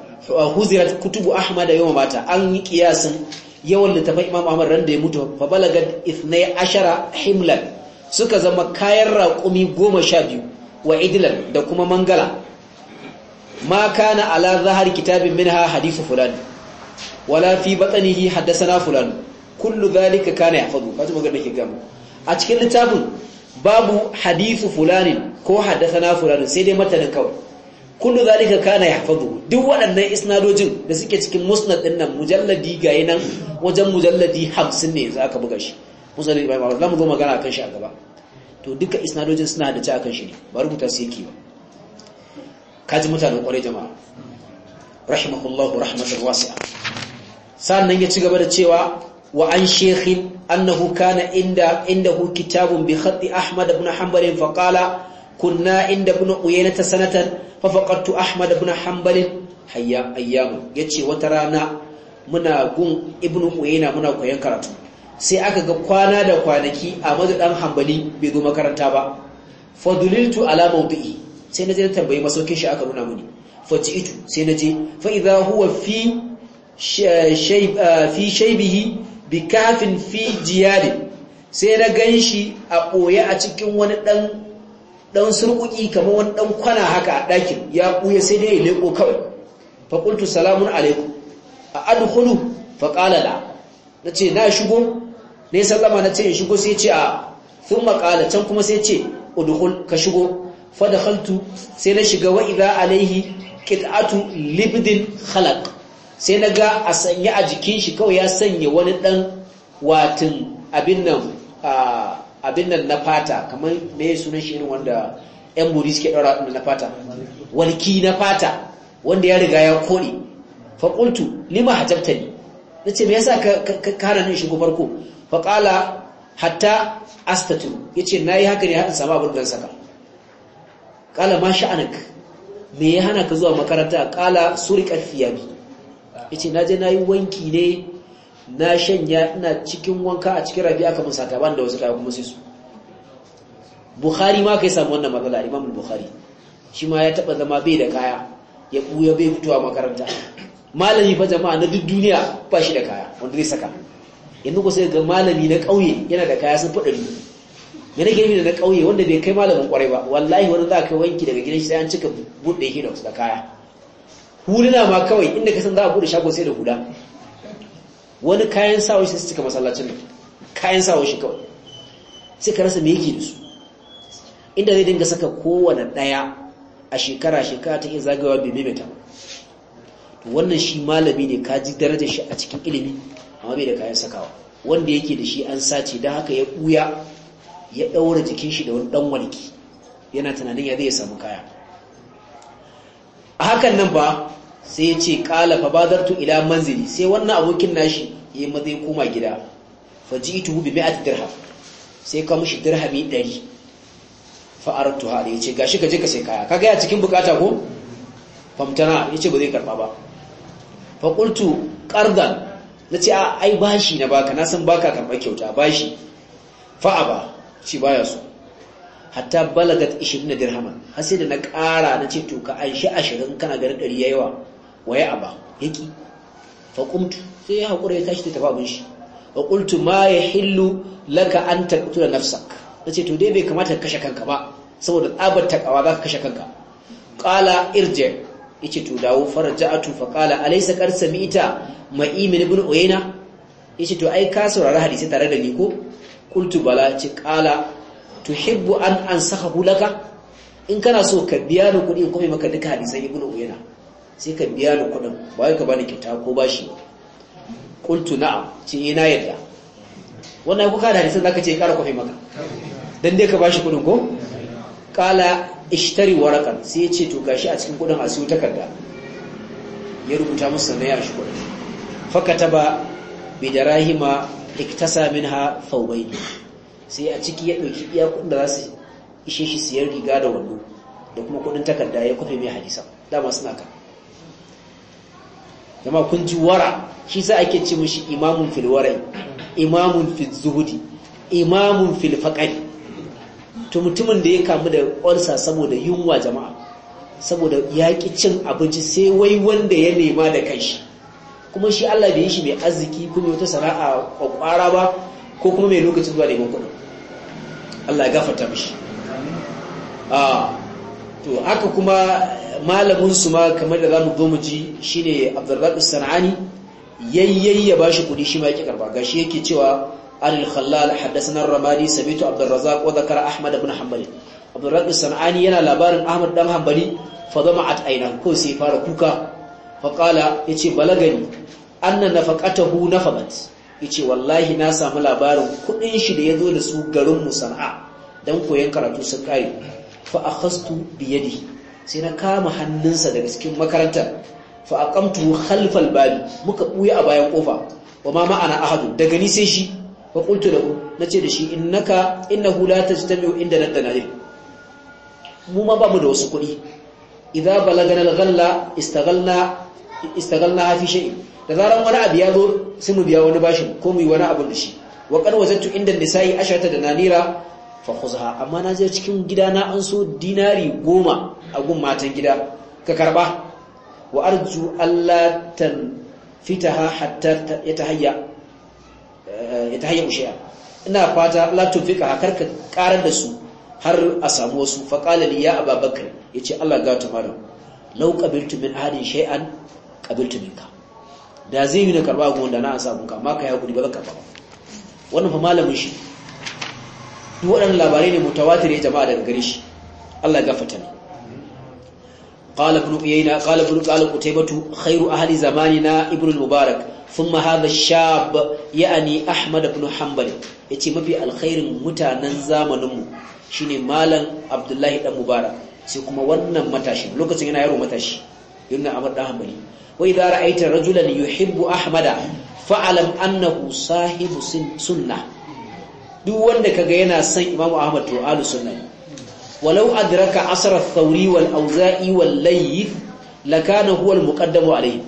huzirat kutubu ahmada yawma mata an yi kiyasin yawan littafin imam ahmad ran da ya mutu fa balagat ithnay ashara himlan suka zama kayan raƙumi goma sha biyu wa idlan da kuma mangala ma kana ala zahar kitabin minha hadithu fulan wala fi haddasa haddathana fulan kullu dhalika kana yahfazu kaji da ke gama a cikin littafin babu hadithu fulanin ko haddathana fulan sai dai matanin kawai kullu zalika kana yahfazu duk waɗannan isnadojin da suke cikin musnad din nan mujalladi gayi nan wajen mujalladi 50 ne yanzu aka buga shi musnad ibn Umar zamu zo magana akan shi a gaba to duka isnadojin suna da ci akan shi ne ba rubuta su yake ba kaji mutanen kwarai jama'a rahimahullahu rahmatan wasi'a sannan ya ci gaba da cewa wa an shekhin annahu kana inda indahu kitabun bi khatti ahmad ibn hanbal fa qala kunna inda ibn uyaynah sanatan fafaqattu ahmad ibn hanbal hayya ayyamu yace wata rana muna gun ibnu uyayna muna koyan karatu sai aka ga kwana da kwanaki ahmad dan hanbali bai zo makaranta ba faduliltu ala mawdi'i sai naje tambayi masaukin shi aka nuna muni faji'tu sai naje fa idha huwa fi fi shaybihi bi kafin fi jiyad sai na ganshi a boye a cikin wani dan dan surkuki kamar wani dan kwana haka a ɗakin ya buya sai dai ya leko kawai fa salamun alaikum a adkhulu fa qala la nace na shigo ne sallama nace in shigo sai ce a thumma qala can kuma sai ce udkhul ka shigo fa dakhaltu sai na shiga wa idha alaihi qit'atu libdin khalaq sai na ga a sanya a jikin shi kawai ya sanya wani ɗan watin abin nan a abin nan na fata kamar me sunan shi ne wanda yan buri suke daura na fata walki na fata wanda ya riga ya kone lima hajjabta ne. Na ce me yasa ka kara nan shigo farko faƙala hatta astatu yace nayi haka ne haɗin sama samu abin da saka Ƙala ma sha'anak me ya hana ka zuwa makaranta Ƙala Ya ce na je na yi wanki ne na shanya ina cikin wanka a cikin rafi aka musa sata da wasu kaya kuma sai su bukhari ma ka yi samu wannan matsala imam bukhari shi ma ya taba zama bai da kaya ya buya bai fitowa makaranta malami fa jama'a na duk duniya ba shi da kaya wanda zai saka yanzu ku sai ga malami na ƙauye yana da kaya sun faɗa ɗari me nake na ƙauye wanda bai kai malamin ƙwarai ba wallahi wani za ka wanki daga gidan shi sai an cika buɗe hidox da kaya huluna ma kawai inda ka san za a buɗe shago sai da hula wani kayan sawo shi suka masallacin kayan sawo shi kawai Sai ka rasa me yake da su inda zai dinga saka kowane daya a shekara shekara ta iya zagawa bai maimaita to wannan shi malami ne ka ji darajar shi a cikin ilimi amma bai da kayan sakawa wanda yake da shi an sace don haka ya buya ya daura jikin shi da wani dan walki yana tunanin ya zai samu kaya a hakan nan ba sai ya ce ƙala fa badartu ila manzili sai wannan abokin nashi ya maza ya koma gida faji ita ituhu bi mi'ati dirham sai ka mushi dirhami ɗari fa aratu ha ya ce ga shi gaji ka sai kaya ka gaya cikin bukata ko famtana ya ce ba zai karɓa ba faƙultu qultu na ce ai bashi na baka na san baka karɓa kyauta bashi fa'a ba, ci baya so hatta balagat 20 dirhama har sai da na ƙara na ce to ka shi 20 kana garin ɗari yayawa waya aba yaki faƙumtu sai ya haƙura ya tashi ta tafi shi wa qultu ma ya hillu laka an taqtula nafsak na ce to dai bai kamata ka kashe kanka ba saboda tsabar ta kawa zaka kashe kanka ƙala irje yace to dawo faraja'atu fa ƙala alaisa ƙar sami'ta ma'imin ibn uyayna yace to ai ka saurari hadisi tare da ni ko ƙultu bala ce ƙala tuhibbu an ansahu laka in kana so ka biya ni kuɗi in mai maka duka hadisan ibn uyayna sai ka biya ni kuɗin ba wai ka bani kyauta ko bashi ba qultu na'am ce ina eh, yadda wannan kuka da hadisin zaka ce ƙara kwafe maka dan dai ka bashi kuɗin ko kala ishtari warakan sai ya ce to gashi a cikin kuɗin a siyo takarda ya rubuta musu sannan ya shi kuɗin fakataba bidarahima iktasa minha ne. sai a ciki ya dauki iya kudin da zasu ishe shi siyar riga da wando da kuma kudin takarda ya kofe mai hadisa dama suna ka zama kun ji wara shi sa ake ce mishi imamun fil warai imamun fil zuhudi imamun fil faqari to mutumin da ya kamu da ƙwarsa saboda yunwa jama'a saboda ƙi cin abinci sai wai wanda ya nema da kanshi kuma shi Allah bai yi shi mai arziki kuma wata sana'a kwakwara ba ko kuma mai lokacin zuwa neman kuɗi Allah ya gafarta mishi ah to aka kuma malamin su ma kamar da zamu zo mu ji shine Abdurrazzaq Sanani yayyayi ya bashi kudi shi ma yake karba gashi yake cewa Anil Khallal haddathana Ramadi sabitu Abdurrazzaq wa zakara Ahmad ibn Hanbal Abdurrazzaq Sanani yana labarin Ahmad dan Hanbali fa at aina ko sai fara kuka fa qala yace balagani anna nafaqatahu nafabat yace wallahi na samu labarin kudin shi da yazo da su garin mu Sana'a dan koyon karatu sun kare fa akhastu bi yadi sai na kama hannunsa daga cikin makarantar fa aqamtu khalfal babi muka buya a bayan kofa wa ma ma'ana ahadu daga ni sai shi fa qultu lahu nace da shi innaka innahu la tajtami'u inda nadanair mu ma ba mu da wasu kuɗi idza balagana al-ghalla istaghalna istaghalna fi shay'in da zaran wani abu ya zo sai mu biya wani bashin ko mu yi wani abu da shi wa qad wazattu inda nisa'i ashata da nanira fa amma na je cikin gida na an so dinari goma a gun matan gida ka karba wa arju allatan tan fitaha hatta ya yatahayya eh, yatahayya ushiya ina fata Allah tufika hakar ka karar da su har a samu wasu fa qala li ya ce Allah ga ta malam law qabiltu min ahadin shay'an min ka da zai yi na karba gun da na an samu ka amma ya gudi ba ka ba wannan fa malamin shi waɗanda labarai ne mutawatir ya jama'a daga gari shi Allah ga fatani ƙala bin uyayna ku taimatu khairu ahali zamani na ibrul mubarak sun maha shab ya ani ahmad bin hanbal ya ce mafi alkhairin mutanen zamanin mu shine malam abdullahi dan mubarak sai kuma wannan matashi lokacin yana yaro matashi yana amur dan wai za ra'aita rajulan yuhibbu ahmada fa'alam annabu sahibu sunna duk wanda kaga yana son Imam Ahmad to ahlus sunna walau adraka asr ath-thawri wal auza'i wal layth lakana huwa al-muqaddamu alayhi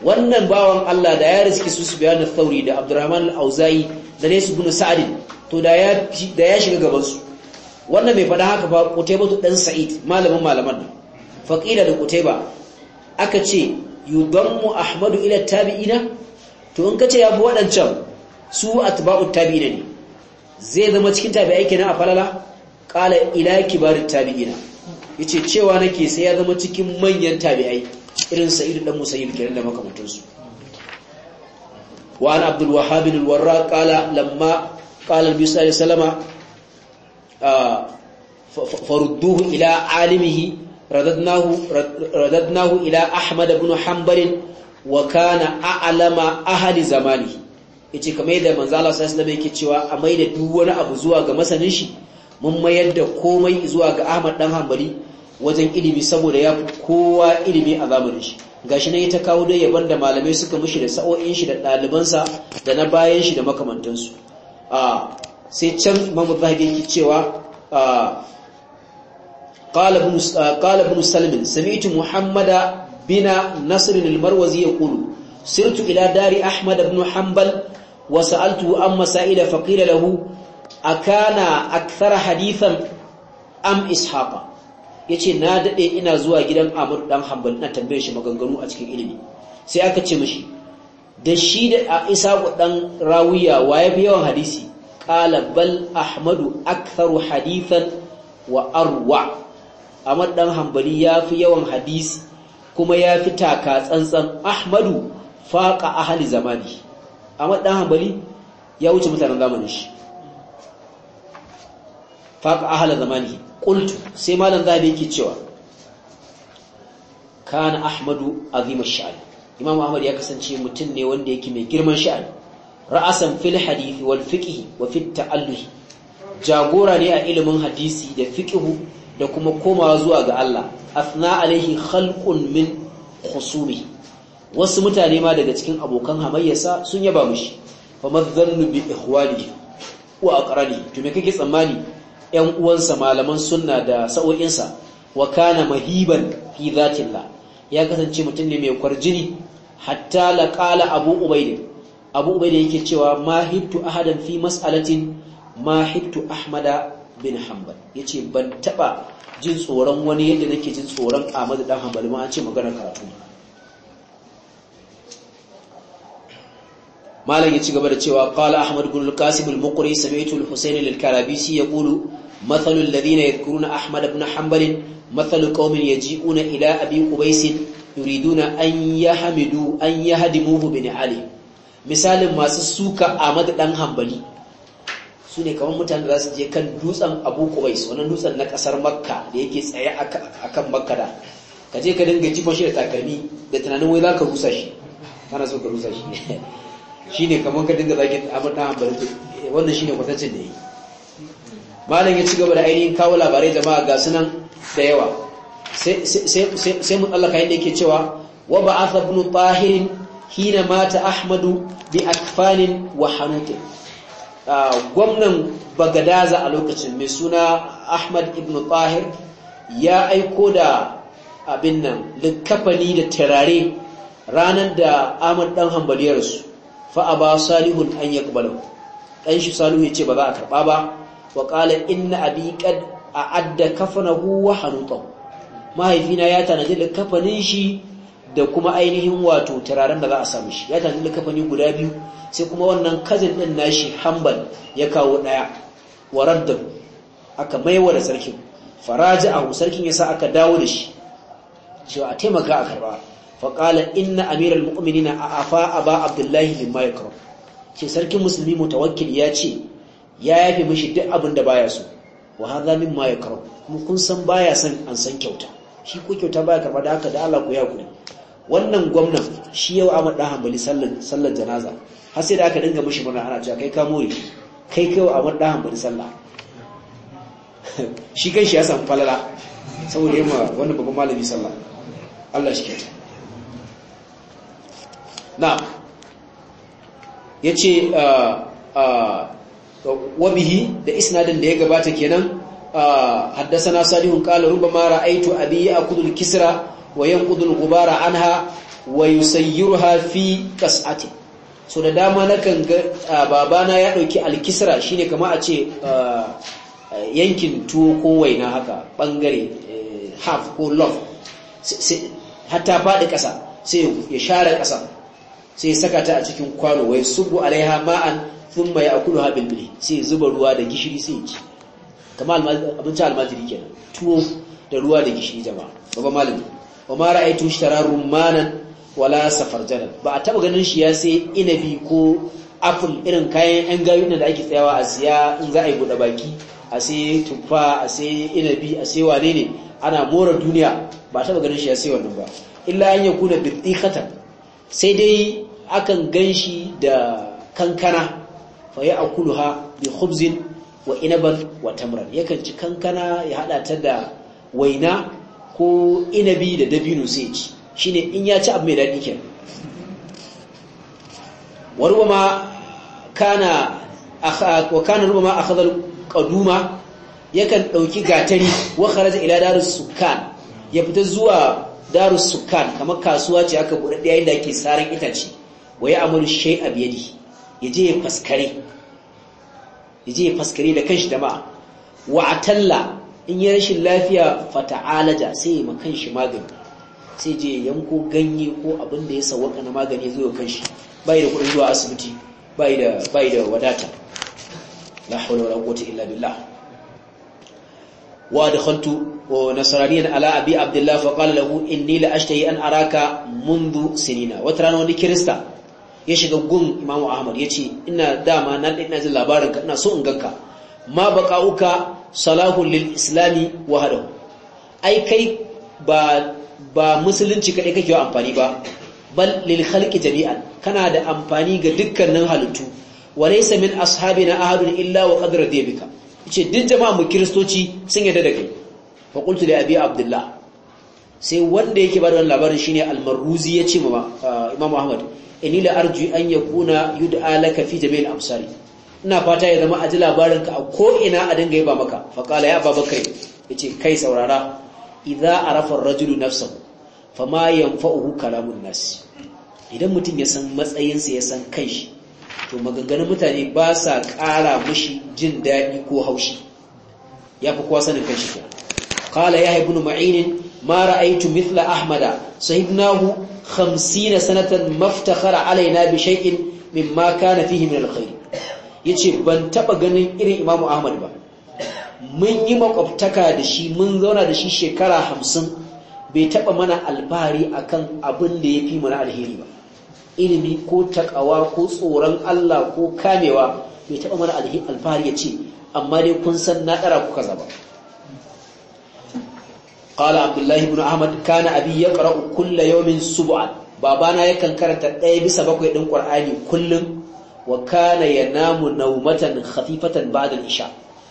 wannan bawan Allah da ya riski su su bayanin da Abdurrahman al-Auza'i da ne su bin Sa'id to da ya da ya shiga gaban su wannan bai fada haka ba to dan Sa'id malamin malaman nan faqila da kutaiba aka ce yudammu Ahmadu ila tabi'ina to in kace ya bi waɗancan su atba'u tabi'ina ne zai zama cikin tabi'ai kenan a falala qala ila kibarit tabi'ina yace cewa nake sai ya zama cikin manyan tabi'ai irin sa'id dan musayyib kenan da makamantansu wa an abdul wahhab bin al-warraq qala lamma qala nabi sallallahu alaihi farudduhu ila alimihi radadnahu radadnahu ila ahmad ibn hanbal wa kana a'lama ahli zamani yace kamar yadda manzo Allah sallallahu yake cewa a da duk wani abu zuwa ga masanin shi mun mayar da komai zuwa ga Ahmad dan Hanbali wajen ilimi saboda ya fi kowa ilimi a zamanin shi gashi ya ta kawo dai yaban da malamai suka mishi da sa'o'in shi da ɗalibansa da na bayan shi da makamantansu a sai can Muhammad Zahabi yake cewa قال ابن قال ابن سلم سمعت محمد بن نصر المروزي يقول سرت الى دار احمد بن حنبل Wasu sa'altu an masaila fa qila lahu akana akthara hadithan am Ya yace na daɗe ina zuwa gidan Ahmad dan hambal na tambaye shi maganganu a cikin ilimi sai aka ce mashi. da shi da isa dan Rawiya waye fi yawan hadisi ƙala bal Ahmadu aktharu hadithan wa arwa Ahmad dan ya fi yawan hadisi kuma ya fi taka tsantsan Ahmadu faqa ahli zamani Ahmad dan hambali ya wuce mutanen zamanin shi faqa ahla zamani qultu sai malam zabi yake cewa kana Ahmadu azim shani Imam Ahmad ya kasance mutum ne wanda yake mai girman sha'ani ra'asan fil hadith wal fiqh wa fit ta'alluh jagora ne a ilimin hadisi da fiqh da kuma komawa zuwa ga Allah asna alaihi khalqun min khusumihi wasu mutane ma daga cikin abokan hamayyarsa sun yaba mushi fa madhannu bi ikhwali wa aqrani to me kake tsammani ƴan uwansa malaman sunna da sa'o'insa wa kana mahiban fi zatillah ya kasance mutum ne mai kwarjini hatta laqala abu ubayd abu ubayd yake cewa mahibtu ahadan fi mas'alatin mahibtu ahmada bin hanbal yace ban taba jin tsoron wani yadda nake jin tsoron Ahmad dan hanbal ma an ce magana karatu malam ya ci gaba da cewa qala ahmad ibn al-qasim al-muqri sami'tu al-husayn al-karabisi yaqulu مثل الذين يذكرون ya بن حنبل مثل قوم يجيئون إلى أبي anyi يريدون أن يحمدوا أن يهدموه بن علي misalin masu suka Ahmad dan Hanbali su ne kamar mutane da su je kan dutsen Abu Qubais wannan dutsen na kasar Makka da yake tsaye akan Makka da ka je ka dinga jifa shi da takalmi da tunanin wai zaka rusa shi kana so ka rusa shi ne kamar ka dinga zagin abin da hanbali wannan ne kwatancin da yi malam ya ci gaba da ainihin kawo labarai jama'a ga sunan da yawa sai mu tsallaka yadda yake cewa wa ba'atha ibn tahirin hina mata ahmadu bi akfanin wa hanutin ah, gwamnan bagadaza a lokacin mai suna ahmad ibn tahir ya aiko da abin nan likafani da tarare ranar da ahmad dan hambaliyarsu fa'a ba salihun an yaqbalu Ɗan shi ya ce ba za a karɓa ba wa qala inna abi adda kafa na huwa hanutahu mahaifina ya tanadi da kafanin shi da kuma ainihin wato turaren da za a samu shi ya tanadi da kafanin guda biyu sai kuma wannan kazin ɗin nashi hambal ya kawo ɗaya wa ku aka maiwa da sarkin faraji a sarkin ya sa aka dawo da shi cewa a taimaka a karɓa. faƙala inna amiral mu'minina a afa a ba abdullahi bin maikro ce sarkin musulmi mutawakkil ya ce ya yafe mashi duk abin da baya so wa haza min maikro kuma kun san baya son an san kyauta shi ko kyauta baya karba da haka da ala ku ya kuri wannan gwamnan shi yau Ahmad dan Hanbali sallar sallar janaza har sai da aka dinga mashi murna ana cewa kai ka more kai kai Ahmad dan Hanbali sallah shi kan shi ya san falala saboda yamma wannan babban malami sallah Allah shi kyauta na ya ce uh, uh, wabihi da isnadin da ya gabata kenan uh, haddasana salihun kala a ra'aitu a akudul kisra wa yanqudul gubara anha wa yusayyiruha fi qas'ati so da dama na kan ga babana ya dauki alkisra shine kama a ce yankin tuwo ko waina haka bangare eh, half ko love hatta faɗi ƙasa sai ya share ƙasa sai saka ta a cikin kwano wai subu alaiha ma'an thumma ya'kuluha bil bili sai zuba ruwa da gishiri sai ci kamar abincin almajiri kenan tuwo da ruwa da gishiri jama'a baba malami wa ma ra'aytu ishtara rumanan wala janar ba a taba ganin shi ya sai inabi ko apple irin kayan yan gayunan da ake tsayawa a siya in za a yi buɗe baki a sai tuffa a sai inabi a sai wane ne ana more duniya ba taba ganin shi ya sai wannan ba illa an yakuna bi dhiqatan sai dai akan ganshi da kankana fa a kuluha bi khubzin wa inaban wa tamran yakan ci kankana ya hada ta da waina ko inabi da dabino sai ci shine in ya ci abu mai daɗi kenan wa rubama kana wa kana rubama akhadha qaduma yakan ɗauki gatari wa kharaja ila darus sukan ya fita zuwa darus sukan kamar kasuwa ce aka buɗe ɗaya da ake saran itace wa ya amuru shay a biyadi ya ya faskare yaje ya faskare da kanshi da ma wa atalla in ya rashin lafiya fata'alaja sai ya kanshi magani sai je yanko ganye ko abin da ya sawaka na magani ya zo kanshi bai da kuɗin zuwa asibiti bai da bai da wadata la hawla wala quwwata illa billah wa dakhaltu nasarari da ala abi abdullahi fa qala lahu inni la ashtahi an araka mundu sinina wata rana wani kirista ya shiga gun imamu ahmad yace ina dama nan din nazi labarin ka ina so in ganka ma uka salahu lil islam wa hadahu ai kai ba musulunci kadai kake amfani ba bal lil khalqi jami'an kana da amfani ga dukkanin halittu wa laysa min ashabina ahadun illa wa qadra dibika yace duk jama'a mu kiristoci sun yarda da kai fa da abi abdullah sai wanda yake bada wannan labarin shine al-marruzi yace ma uh, imam ahmad inni la arju an yakuna yud'a laka fi jami'il absari ina fata ya zama a ji labarin ka a ko ina a dinga yaba maka fa qala ya ababakar yace kai saurara idza arafa ar-rajulu nafsahu fama yanfa'uhu kalamun nas idan mutum ya san matsayinsa ya san kanshi to maganganun mutane ba sa ƙara mushi jin daɗi ko haushi ya fi kowa sanin kanshi kenan قال يحيى بن معين ما رأيت مثل أحمد صحبناه خمسين سنة ما افتخر علينا بشيء مما كان فيه من الخير yace ban taba ganin irin Imam Ahmad ba mun yi makwabtaka da shi mun zauna da shi shekara hamsin bai taba mana alfahari akan abin da ya fi mana alheri ba ilimi ko takawa ko tsoron Allah ko kamewa bai taba mana alfahari ya ce amma dai kun san na ɗara ku kaza ba قال عبد الله بن أحمد كان أبي يقرأ كل يوم سبعا بابانا يكن كرت أي بسبق يدن قرآن كل وكان ينام نومة خفيفة بعد العشاء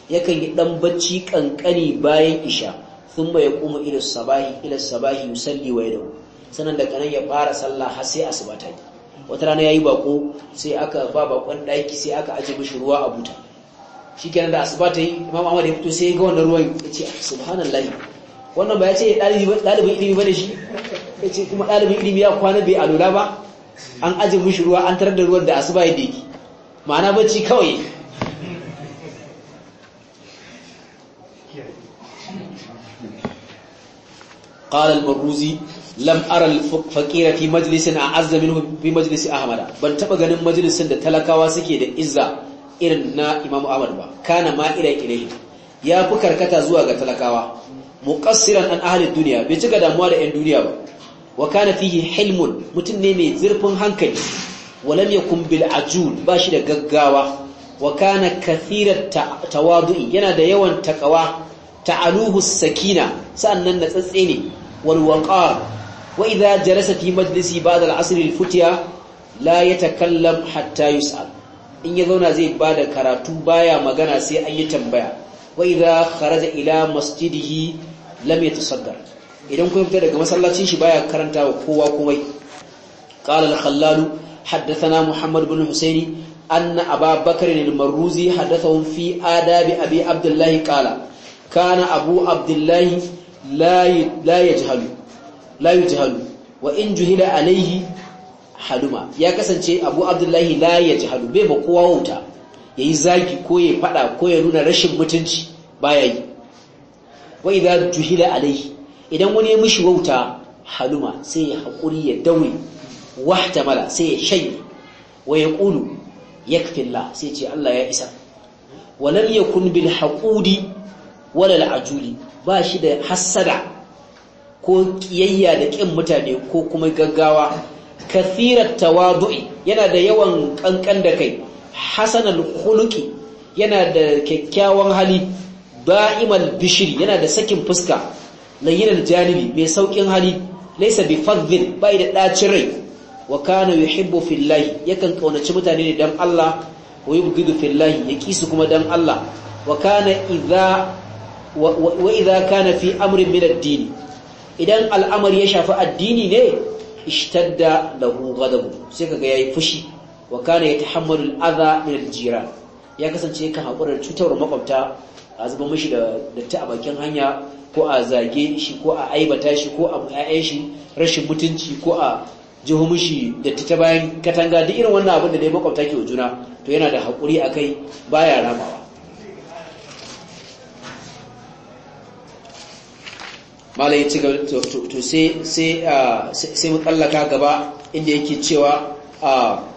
يكن يدن بتشي كنكني باي إشاء ثم يقوم إلى الصباح إلى الصباح يصلي ويدعو sanan daga nan ya fara sallah har sai asuba ta yi wata rana yayi bako sai aka ba bakon daki sai aka aje mishi ruwa a buta Shi kenan da asuba ta yi imam Ahmad ya fito sai ya ga wannan ruwan ya ce Subhanallah. wannan ba ya ce ɗalibin ilimi ba da shi ya ce kuma ɗalibin ilimi ya kwana bai alula ba an aji mushi ruwa an tarar da ruwan da asuba ya deki ma'ana bacci kawai قال maruzi lam aral faƙira fi majalisun a azamin fi majalisun ahamada ban taɓa ganin majalisun da talakawa suke da izza irin na imamu ahmad ba kana ma ila ya fi karkata zuwa ga talakawa muqassiran an ahli duniya bai cika damuwa da yan duniya ba wa kana fihi hilmun mutum ne mai zurfin hankali walam yakun bil ajul bashi da gaggawa wa kana kathirat tawadu'i yana da yawan takawa ta'aluhu sakina sa'annan natsatse ne wal waqar wa idha jalasa fi majlisi ba'da al asr al futiya la yatakallam hatta yus'al in ya zauna zai bada karatu baya magana sai an yi tambaya wa idha kharaja ila masjidihi lam yatasaddar idan kun fita daga masallacin shi baya karanta wa kowa komai qala al-khallal haddathana muhammad ibn husaini anna ababakar al-marruzi haddathahum fi adabi abi abdullah qala kana abu abdullah la la yajhalu la yajhalu wa in juhila alayhi haluma ya kasance abu abdullahi la yajhalu bai ba kowa wuta yayi zagi ko ya fada ko ya nuna rashin mutunci baya yi wa idza juhila alai idan wani ya mishi wauta haluma sai ya hakuri ya dawe wahtamala sai ya shanye wa yaqulu yakfi Allah sai ce Allah ya isa Walal yakun bil haqudi wala al ajuli ba shi da hassada ko kiyayya da ƙin mutane ko kuma gaggawa kathirat tawadu'i yana da yawan ƙanƙan da kai hasanal khuluqi yana da kyakkyawan hali da'imal bishir yana da sakin fuska layyinal janibi mai saukin hali laysa bi bai da dacin rai wa kana yuhibbu fillahi yakan kaunaci mutane ne dan Allah wa yubghidu fillahi yakisu kuma dan Allah wa kana idza wa kana fi amrin min ad-din idan al'amari ya shafi addini ne ishtadda lahu ghadabu sai kaga yayi fushi wa kana yatahammalu al-adha min al-jiran ya kasance yakan hakurar cutarwar makwabta a zuba mishi da datti a bakin hanya ko a zage shi ko a aibata shi ko a yaya shi rashin mutunci ko a jiho mishi datti ta bayan katanga duk irin wannan abin da dai makwabta ke juna to yana da haƙuri a kai baya ramawa mala ya ci gaba to sai ah, sai sai mu tsallaka gaba inda yake cewa a ah,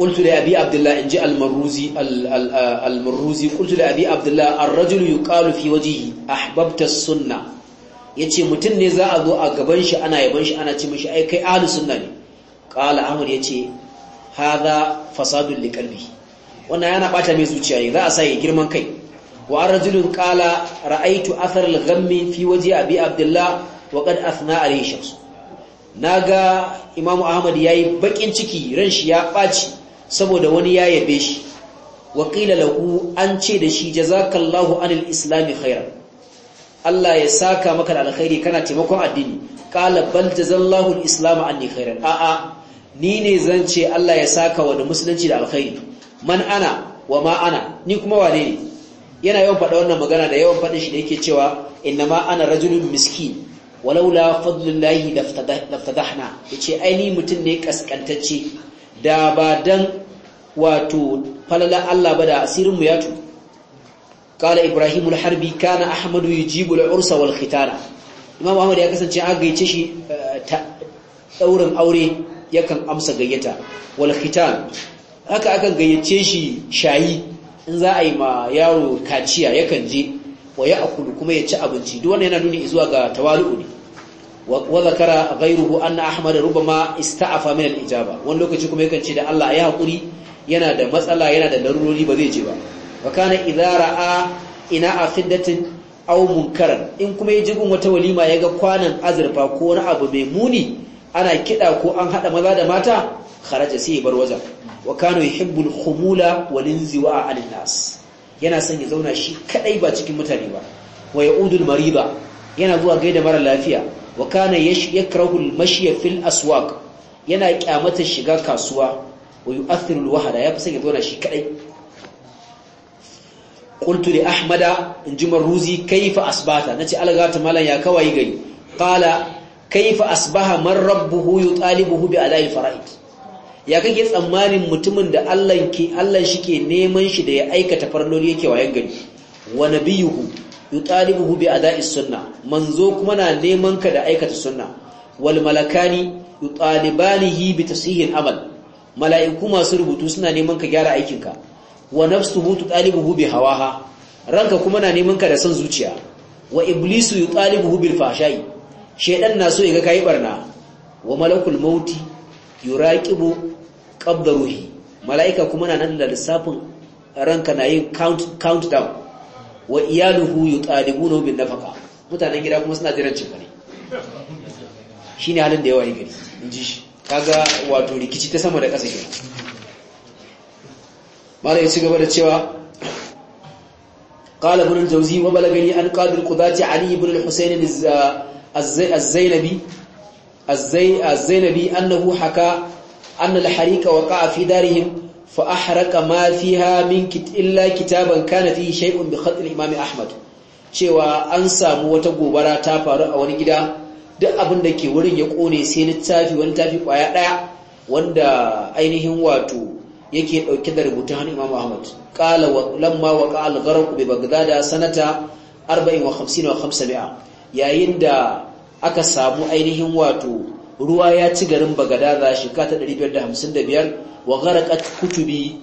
قلت لأبي عبد الله إن جاء المروزي المروزي قلت لأبي عبد الله الرجل يقال في وجهه أحببت السنة yace mutun ne za a zo a gaban shi ana yaban shi ana ce mishi ai kai ahlus sunna ne qala ahmad yace hadha fasadul liqalbi wannan yana ɓata mai zuciya ne za a sai girman kai wa arrajulun qala ra'aytu athar al-ghammi fi abi naga imamu ahmad yayi bakin ciki ran shi ya baci saboda wani ya yabe shi wa qila an ce da shi jazakallahu anil islami khaira Allah ya saka maka da alkhairi kana taimakon addini qala bal jazallahu al islamu anni khairan a a ni ne zan ce Allah ya saka wa da musulunci da alkhairi man ana wa ma ana ni kuma wane ne yana yawan faɗa wannan magana da yawan faɗin shi da yake cewa innama ana rajulun miskin walaula fadlullahi laftadahna yace ai ni mutum ne kaskantacce da ba dan wato falala Allah ba da asirinmu ya tu kala ibrahimul harbi kana ahmadu yujibu al-ursa wal khitara imam ahmad ya kasance a gaice shi daurin eh, aure yakan amsa gayyata wal khitan haka akan gayyace shi shayi in za a yi ma yaro kaciya yakan je wa ya akulu kuma ya ci abinci duk wannan yana nuni zuwa ga tawali'u ne wa zakara ghayruhu anna ahmad rubama ista'afa min al-ijaba wani lokaci kuma yakan ce da Allah ya hakuri yana da matsala yana da larurori ba zai je ba wa kana idza ra'a ina afidatin aw munkaran in kuma ya jibin wata walima ya ga kwanan azurfa ko wani abu mai muni ana kida ko an hada maza da mata kharaja sai bar wajen wa kana yuhibbu al-khumula wal inziwa yana son ya zauna shi kadai ba cikin mutane ba wa ya'udul mariba yana zuwa gaida mara lafiya wa kana yakrahu al fi al aswaq yana kyamata shiga kasuwa wa yu'athiru al-wahada ya fi sanya zauna shi kadai qultu li ahmada inji maruzi kayfa asbata nace algata malan ya kawai gari qala kayfa asbaha man rabbuhu yutalibuhu bi ala'i fara'id ya kake tsammanin mutumin da Allah yake Allah shi ke neman shi da ya aikata farloli yake wayan gari wa nabiyuhu yutalibuhu a da'is sunna manzo kuma na neman ka da aikata sunna wal malakani yutalibanihi bi tasihil amal mala'iku masu rubutu suna neman ka gyara aikinka wa nafsuhu tutalibuhu bi hawaha ranka kuma na neman ka da son zuciya wa iblisu yutalibuhu bil fahsha'i shaiɗan na so yaga kai barna wa malakul mauti yuraqibu qabda ruhi mala'ika kuma na nan da lissafin ranka na yin count countdown wa iyaluhu yutalibuna bin nafaka mutanen gida kuma suna jiran ba bane shine halin da yawa yake gari inji shi kaga wato rikici ta sama da ƙasa ke mara ya ci gaba da cewa qala ibn al-jawzi wa balagani an qadir qudati ali ibn al-husayn zainabi az-zainabi annahu haka anna al-harika waqa'a fi darihim fa haraka ma ha min illa kitaban kana fi shay'un bi ahmad cewa an samu wata gobara ta faru a wani gida duk abin da ke wurin ya ƙone sai littafi wani tafi ƙwaya ɗaya. wanda ainihin wato yake ɗauke da rubutun hannun Imam Ahmad ƙala wa lamma al-gharq bi sanata arba'in wa 500 yayin da aka samu ainihin wato ruwa ya ci garin Baghdad shekara ta wa gharaqat kutubi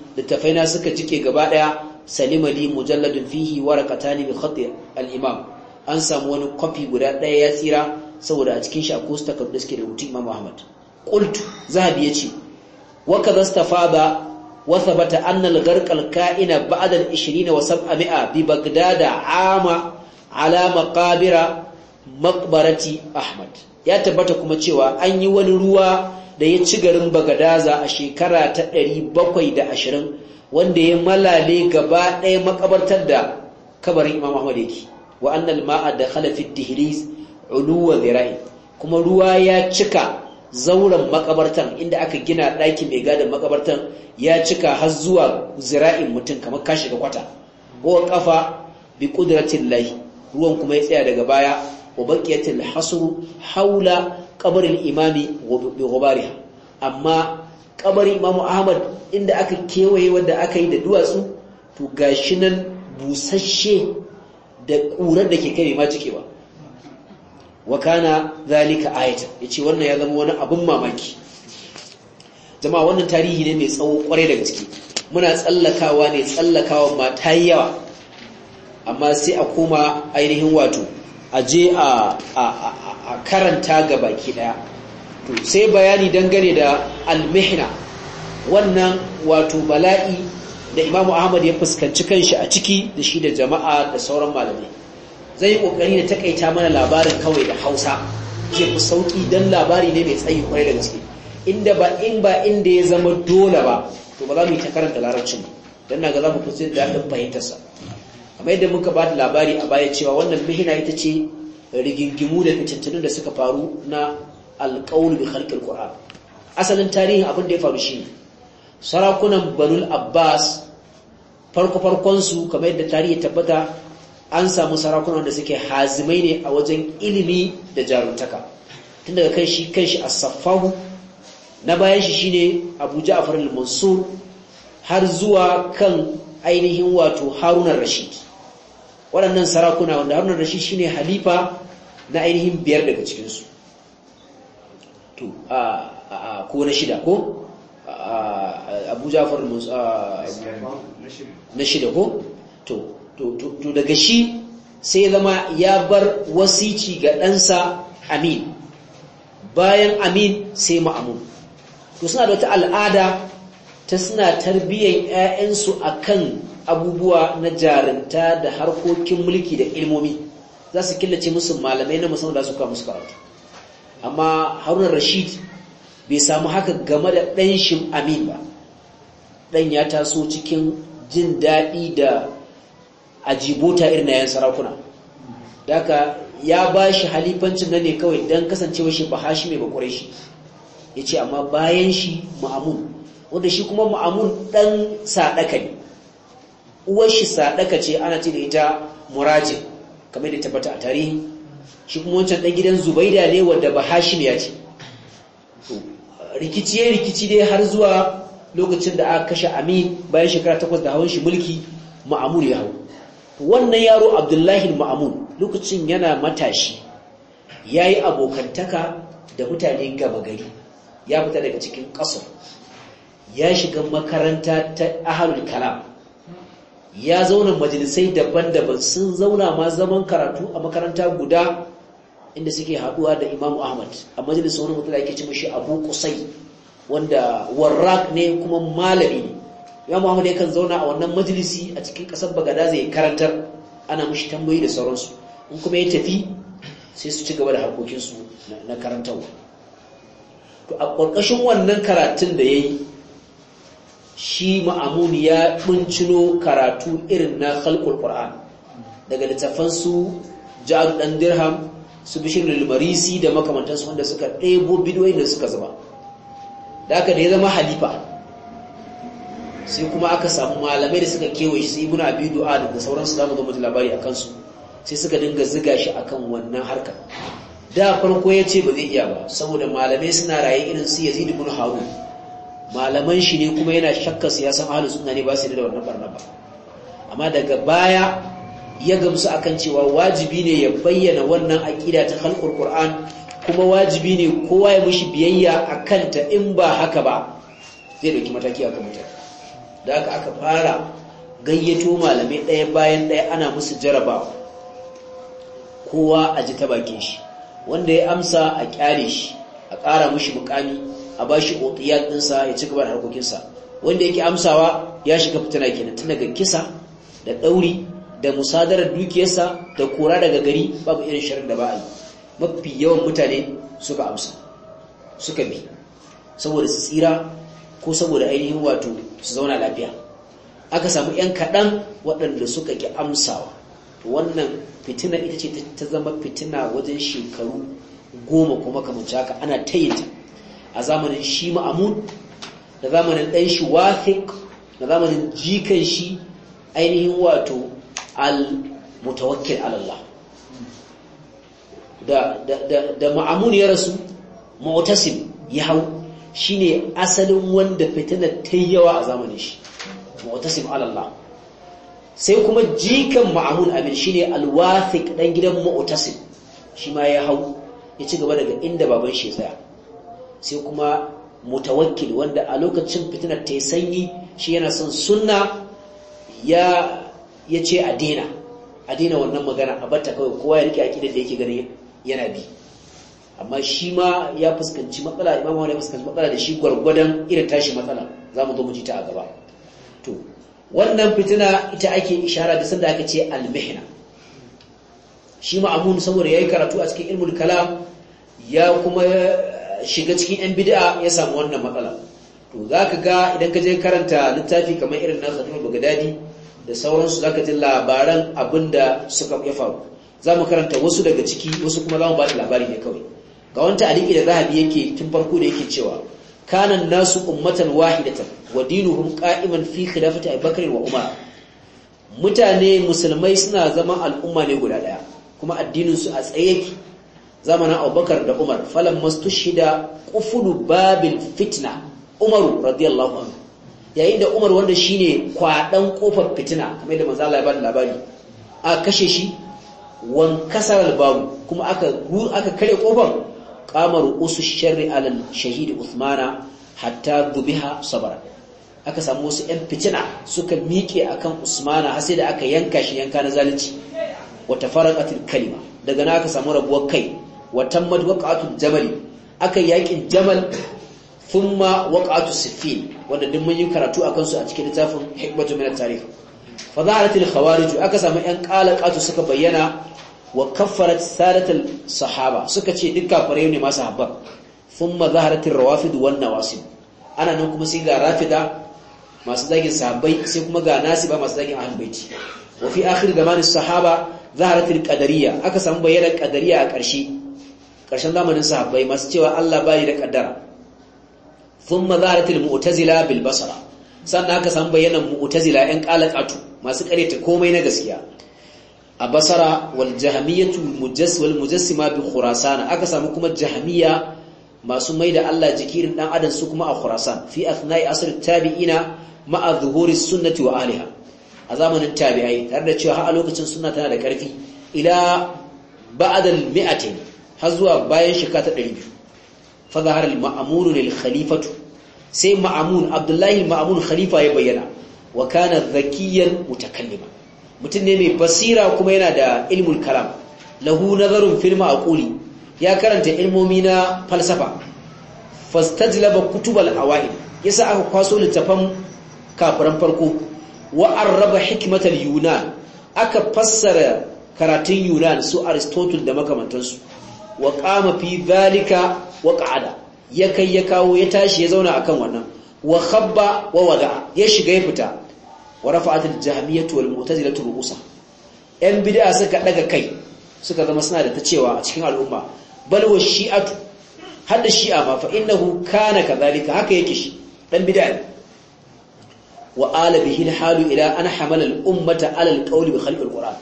na suka jike gaba daya salima li mujalladun fihi waraqatan bi khati al-imam an samu wani copy guda daya ya tsira saboda a cikin shi akwai takardu suke da rubutun Imam Ahmad qult zahabi yace wa kadha istafada wa thabata anna al-gharq kaina ba'da al-20 wa 700 bi baghdad ama ala maqabira maqbarati Ahmad ya tabbata kuma cewa an yi wani ruwa da ya ci garin bagadaza a shekara ta ɗari bakwai da ashirin, wanda ya malale gaba ɗaya makabartar da kabarin imam ahmad yake wa annal ma'a da khalafi dihris uluwa zira'i kuma ruwa ya cika zauren makabartan inda aka gina ɗaki mai gadon makabartan ya cika har zuwa zira'in mutum kamar kashi ga kwata ko kafa bi qudratillahi ruwan kuma ya tsaya daga baya wa baqiyatul hasru haula ƙabarin al-imami bi amma kabarin imamu ahmad inda aka kewaye wanda aka yi da duwatsu to gashi nan busasshe da ƙurar da ke kai ma cike ba wa kana zalika ayatan yace wannan ya zama wani abin mamaki jama'a wannan tarihi ne mai tsawo kwarai daga ciki muna tsallakawa ne tsallakawa ma ta yawa amma sai a koma ainihin wato a je a karanta ga baki daya to sai bayani dangane da almihna wannan wato bala'i da imamu ahmad ya fuskanci kanshi a ciki da shi da jama'a da sauran malamai zai yi kokari da takaita mana labarin kawai da hausa Ke fi sauki don labari ne mai tsayi kwarai da gaske inda ba in ba inda ya zama dole ba to ba za mu yi ta karanta larabcin ba don na ga za mu fi da fahimtarsa kamar yadda muka ba da labari a baya cewa wannan mihina ita ce rigingimu da fitattunu da suka faru na alƙawul bi halkar ƙura asalin tarihin abin da ya faru shi sarakunan banul abbas farko-farkonsu kamar yadda tarihi tabbata an samu sarakunan da suke hazimai ne a wajen ilimi da jarumtaka. tun daga kan shi kan shi a na bayan shi shine abu a al-mansur har zuwa kan ainihin wato harunan rashid waɗannan sarakuna wanda harnar da shi shine halifa na ainihin biyar daga cikinsu to a ko na shida ko abu jafar na shida ko to daga shi sai zama ya bar wasici ga ɗansa amin bayan amin sai ma'amun to suna da wata al'ada ta suna tarbiyyar 'ya'yansu akan abubuwa na jarinta da harkokin mulki da ilmomi za su killace musu malamai na musamman da su kawo musu karatu amma haruna rashid bai samu haka game da ɗan shi amin ba ɗan ya taso cikin jin daɗi da ajibota irin na yan sarakuna da haka ya ba shi halifancin na ne kawai don kasancewa shi ba hashi mai bakwai shi ya ce amma bayan shi ma'amun wanda shi kuma ma'amun ɗan sadaka ne uwar shi sadaka ce ana ce da ita murajin kamar da tabbata a tarihi shi kuma wancan ɗan gidan zubaida ne wanda ba hashim ya ce rikici ya rikici dai har zuwa lokacin da aka kashe amin bayan shekara takwas da hawan shi mulki ma'amur ya hau wannan yaro abdullahi ma'amur lokacin yana matashi ya yi abokantaka da mutane gaba gari ya fita daga cikin ƙasar ya shiga makaranta ta ahalul kalam ya zauna majalisai daban-daban sun zauna ma zaman karatu a makaranta guda inda suke haduwa da imamu ahmad a majalisa wani mutum da ake ci mashi abu kusai wanda warrak ne kuma malami ne imamu ahmad yakan zauna a wannan majalisi a cikin kasar bagada zai karantar ana mashi tambayi da sauransu in kuma ya tafi sai su ci gaba da harkokinsu na karantarwa to a ƙarƙashin wannan karatun da ya yi shi ma'amuni ya ɓuncino karatu irin na halkul daga littafan su ja'ad ɗan dirham su bishir lulmarisi da makamantansu wanda suka ɗebo bidoyin da suka zama da aka da ya zama halifa sai kuma aka samu malamai da suka kewaye shi sai muna biyu du'a da sauransu za mu labari a kansu sai suka dinga ziga shi akan wannan harkar da farko ya ce ba zai iya ba saboda malamai suna raye irin su yazidu bin harun malaman shi ne kuma yana shakka siyasan ahlus sunna ne ba su da wannan barna ba amma daga baya ya gamsu akan cewa wajibi ne ya bayyana wannan aqida ta khalqul qur'an kuma wajibi ne kowa ya mishi biyayya akan ta in ba haka ba zai dauki mataki akan mutane da haka aka fara gayyato malamai ɗaya bayan ɗaya ana musu jaraba kowa a ji ta bakin shi wanda ya amsa a kyale shi a ƙara mushi mukami a ba shi otiyat ɗinsa ya ci gaba da harkokinsa wanda yake amsawa ya shiga fitina kenan tun daga kisa da ɗauri da musadarar dukiyarsa da kora daga gari babu irin shirin da ba a yi mafi yawan mutane suka amsa suka bi saboda su tsira ko saboda ainihin wato su zauna lafiya aka samu 'yan kaɗan waɗanda suka ki amsawa wannan fitina ita ce ta zama fitina wajen shekaru goma kuma kamar haka ana ta tayinta a zamanin shi ma'amun da zamanin ɗan shi wafiq da zamanin jikan shi ainihin wato al-mutawakkil alallah da, da, ma'amun ya rasu mu'tasim ya hau ne asalin wanda fitinar ta yawa a zamanin shi mu'tasim alallah sai kuma jikan ma'amun abin shine al-wathiq ɗan gidan mu'tasim shi ma ya hau ya ci gaba daga inda baban shi ya tsaya sai kuma mutawakkil wanda a lokacin fitinar ta yi sanyi shi yana son sunna ya ce a daina a daina wannan magana a bata kawai kowa ya rike aƙidar da yake gani yana bi amma shi ma ya fuskanci matsala imam wani ya fuskanci matsala da shi gwargwadon irin tashi matsala za mu zo mu ji ta a gaba to wannan fitina ita ake ishara da sanda aka ce almihna shi ma Amun saboda ya yi karatu a cikin ilmul kalam ya kuma shiga cikin yan bid'a ya samu wannan matsala to za ka ga idan ka je karanta littafi kamar irin na Khatib daɗi da sauransu zaka ji labaran abin da suka ya faru Za mu karanta wasu daga ciki wasu kuma zamu ba da labari ne kawai ga wanta aliki da zahabi yake tun farko da yake cewa kanan nasu ummatan wahidatan wa dinuhum qa'iman fi khilafati Abubakar wa Umar mutane musulmai suna zama al'umma ne guda daya kuma addinin su a tsaye yake zamanin abubakar da umar falon falan shida kufudu babin fitna umaru radiyallahu anhu yayin da umar wanda shine kwaɗan ƙofar fitina kamar da maza Allah ya labari a kashe shi wan kasar babu kuma aka aka kare kofar kamar usu shari'a alal shahid usmana hatta dubiha sabara aka samu wasu yan fitina suka miƙe akan usmana har sai da aka yanka shi yanka na zalunci wata tafaraqatil kalima daga na aka samu rabuwar kai wa tammat waqa'atul jamal aka yakin jamal thumma waqa'atus siffin wanda duk mun yi karatu akan su a cikin littafin hikmatu min at-tarikh fa al-khawarij aka samu yan qalaqatu suka bayyana wa kaffarat sadatul sahaba suka ce duk kafirai ne masu habban thumma zaharat ar-rawafid wan nawasib ana nan kuma sai ga rafida masu zagin sahabbai sai kuma ga nasiba masu zagin ahlul baiti wa fi akhir zamanin sahaba zaharat al-qadariyya aka samu bayyana qadariyya a ƙarshe ƙarshen zamanin sahabbai masu cewa Allah bayi da kaddara thumma zaratil mu'tazila bil basara sannan aka san bayanan mu'tazila ƴan qalaqatu masu ƙareta komai na gaskiya a basara wal jahmiyatu mujassis wal mujassima bi khurasan aka samu kuma jahmiya masu maida Allah jikirin dan adam su kuma a khurasan fi athna'i asr tabi'ina ma'a zuhuri sunnati wa aliha a zamanin tabi'ai tare da cewa har a lokacin sunna tana da ƙarfi ila ba'da al har zuwa bayan shekara ta ɗari biyu. zahara al-ma'mun lil khalifatu sai ma'mun abdullahi ma'mun khalifa ya bayyana wa kana zakiyan mutakallima mutum ne mai basira kuma yana da ilmul kalam lahu nazarun fil ma'quli ya karanta ilmomi na falsafa fastajlaba kutubal awail yasa aka kwaso littafan kafiran farko wa arraba hikmatal yunan aka fassara karatun yunan su aristotle da makamantansu wa qama fi zalika wa qa'ada ya kai ya kawo ya tashi ya zauna akan wannan wa khabba wa wada ya shiga ya fita wa rafa'at al-jahmiyyah wal mu'tazilah ru'usa yan bid'a suka daga kai suka zama suna da ta cewa a cikin al'umma bal wa shi'atu hadda shi'a ma fa innahu kana kadhalika haka yake shi dan bid'a ne wa ala bihi al-halu ila an hamala al-ummata ala al-qawli bi khalqi al-qur'an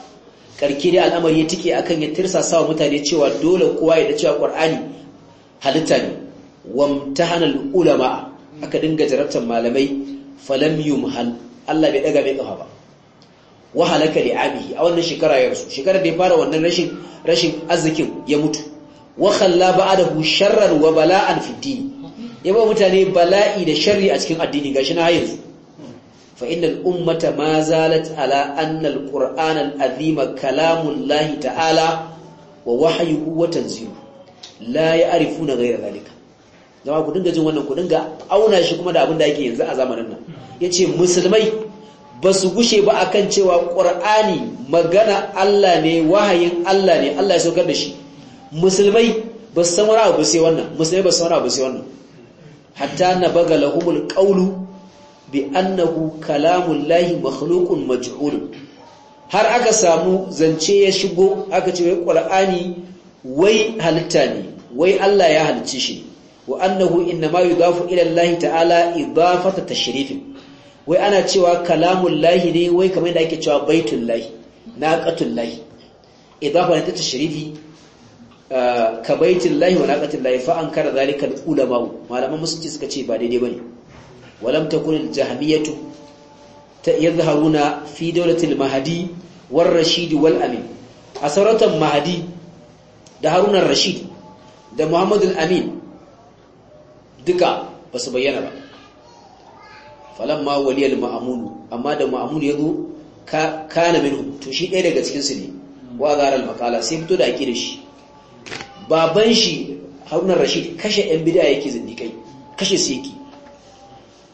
karki dai al'amari ya tike akan ya tirsasa wa mutane cewa dole kowa ya da cewa qur'ani halitta ne wamtahana ulama aka dinga jarabtan malamai falam yumhal Allah bai daga mai kafa ba wa halaka li'abihi a wannan shekara ya rasu shekarar da ya fara wannan rashin rashin arzikin ya mutu wa khalla ba'dahu sharran wa bala'an fi din ya ba mutane bala'i da sharri a cikin addini gashi na yanzu fa innal ummata ma zalat ala anna al-qur'an al-azima kalamullahi ta'ala wa wahyuhu wa tanzilu la ya'rifuna ghayra zalika zama ku dinga jin wannan ku dinga auna shi kuma da abin da yake yanzu a zamanin nan yace musulmai ba su gushe ba akan cewa qur'ani magana Allah ne wahayin Allah ne Allah ya saukar da shi musulmai ba su san wani abu sai wannan musulmai ba su san wani abu sai wannan hatta na baga qawlu bi annahu kalamun lahi makhluqun har aka samu zance ya shigo aka ce wai qur'ani wai halitta ne wai Allah ya halicce shi wa annahu inma yudafu ila Allah ta'ala idafata tashrifin wai ana cewa kalamun lahi ne wai kamar yadda ake cewa baitun lahi naqatul lahi idafa ta tashrifi uh, ka baitin lahi wa naqatin lahi fa ankara zalika ulama malaman musulunci suka ce ba daidai bane ولم تكن الجهمية يظهرون في دولة المهدي والرشيد والأمين أسرة المهدي دهرون الرشيد ده محمد الأمين دكا بس بيانا بقى falamma waliyal ma'amunu amma da ma'amun yazo kana minhu to shi ɗaya daga cikin su ne wa zaral makala sai fito da akidar shi baban shi Haruna Rashid kashe ɗan bid'a yake zindikai kashe su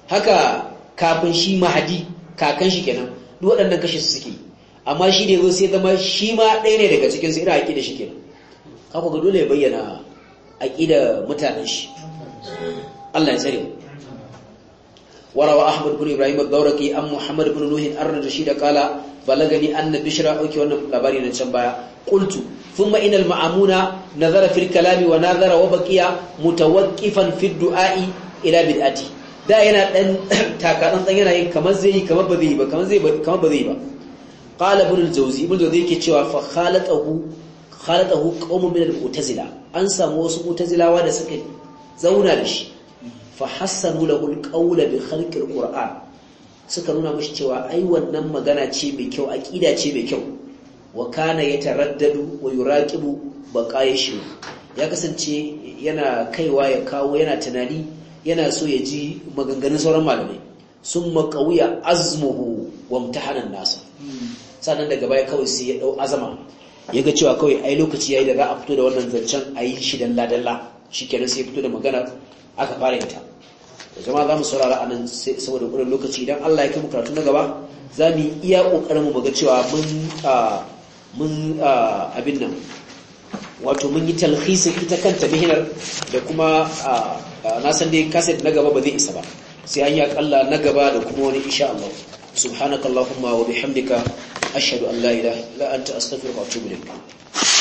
haka kafin shi mahadi kakan shi kenan duk waɗannan kashe su suke amma shi ne zo sai zama shi ma ɗaya ne daga cikin su ina aƙida shi kenan kaku ya bayyana aƙida mutanen shi Allah ya tsare warawa ahmad bin ibrahim al-dawraki an muhammad bin nuhin ar-rashid qala balagani anna bishra auki wannan labari na can baya qultu thumma inal ma'amuna nazara fil kalami wa nazara wa baqiya mutawaqqifan fid du'a ila bid'ati da yana dan takadan dan yana yin kamar zai yi kamar ba zai yi ba kamar zai ba kamar ba zai ba qala ibn al-jawzi ibn al-jawzi yake cewa fa khalatahu khalatahu qaumun min al-mu'tazila an samu wasu mu'tazilawa da suka zauna da shi fa hassanu lahu al-qawla bi khalqi al-qur'an suka nuna mishi cewa ai wannan magana ce mai kyau aqida ce mai kyau wa kana yataraddadu wa yuraqibu baqaya shi ya kasance yana kaiwa ya kawo yana tunani yana so ya ji maganganun sauran malamai sun makawuya azmuhu wa mutahanan nasa sannan daga baya kawai sai ya dau azama ya ga cewa kawai ai lokaci yayi da za a fito da wannan zancen a yi shi dalla dalla shikenan sai fito da magana aka fara ita jama'a za mu saurara a nan saboda wurin lokaci idan Allah ya kai karatu na gaba za mu iya kokarin mu ga cewa mun mun abin nan wato mun yi talhisin ita kanta mihinar da kuma na san dai kaset na gaba ba zai isa ba sai an yi akalla na gaba da kuma wani insha Allah subhanakallahumma wa bihamdika ashhadu an la ilaha illa anta astaghfiruka wa atubu ilayk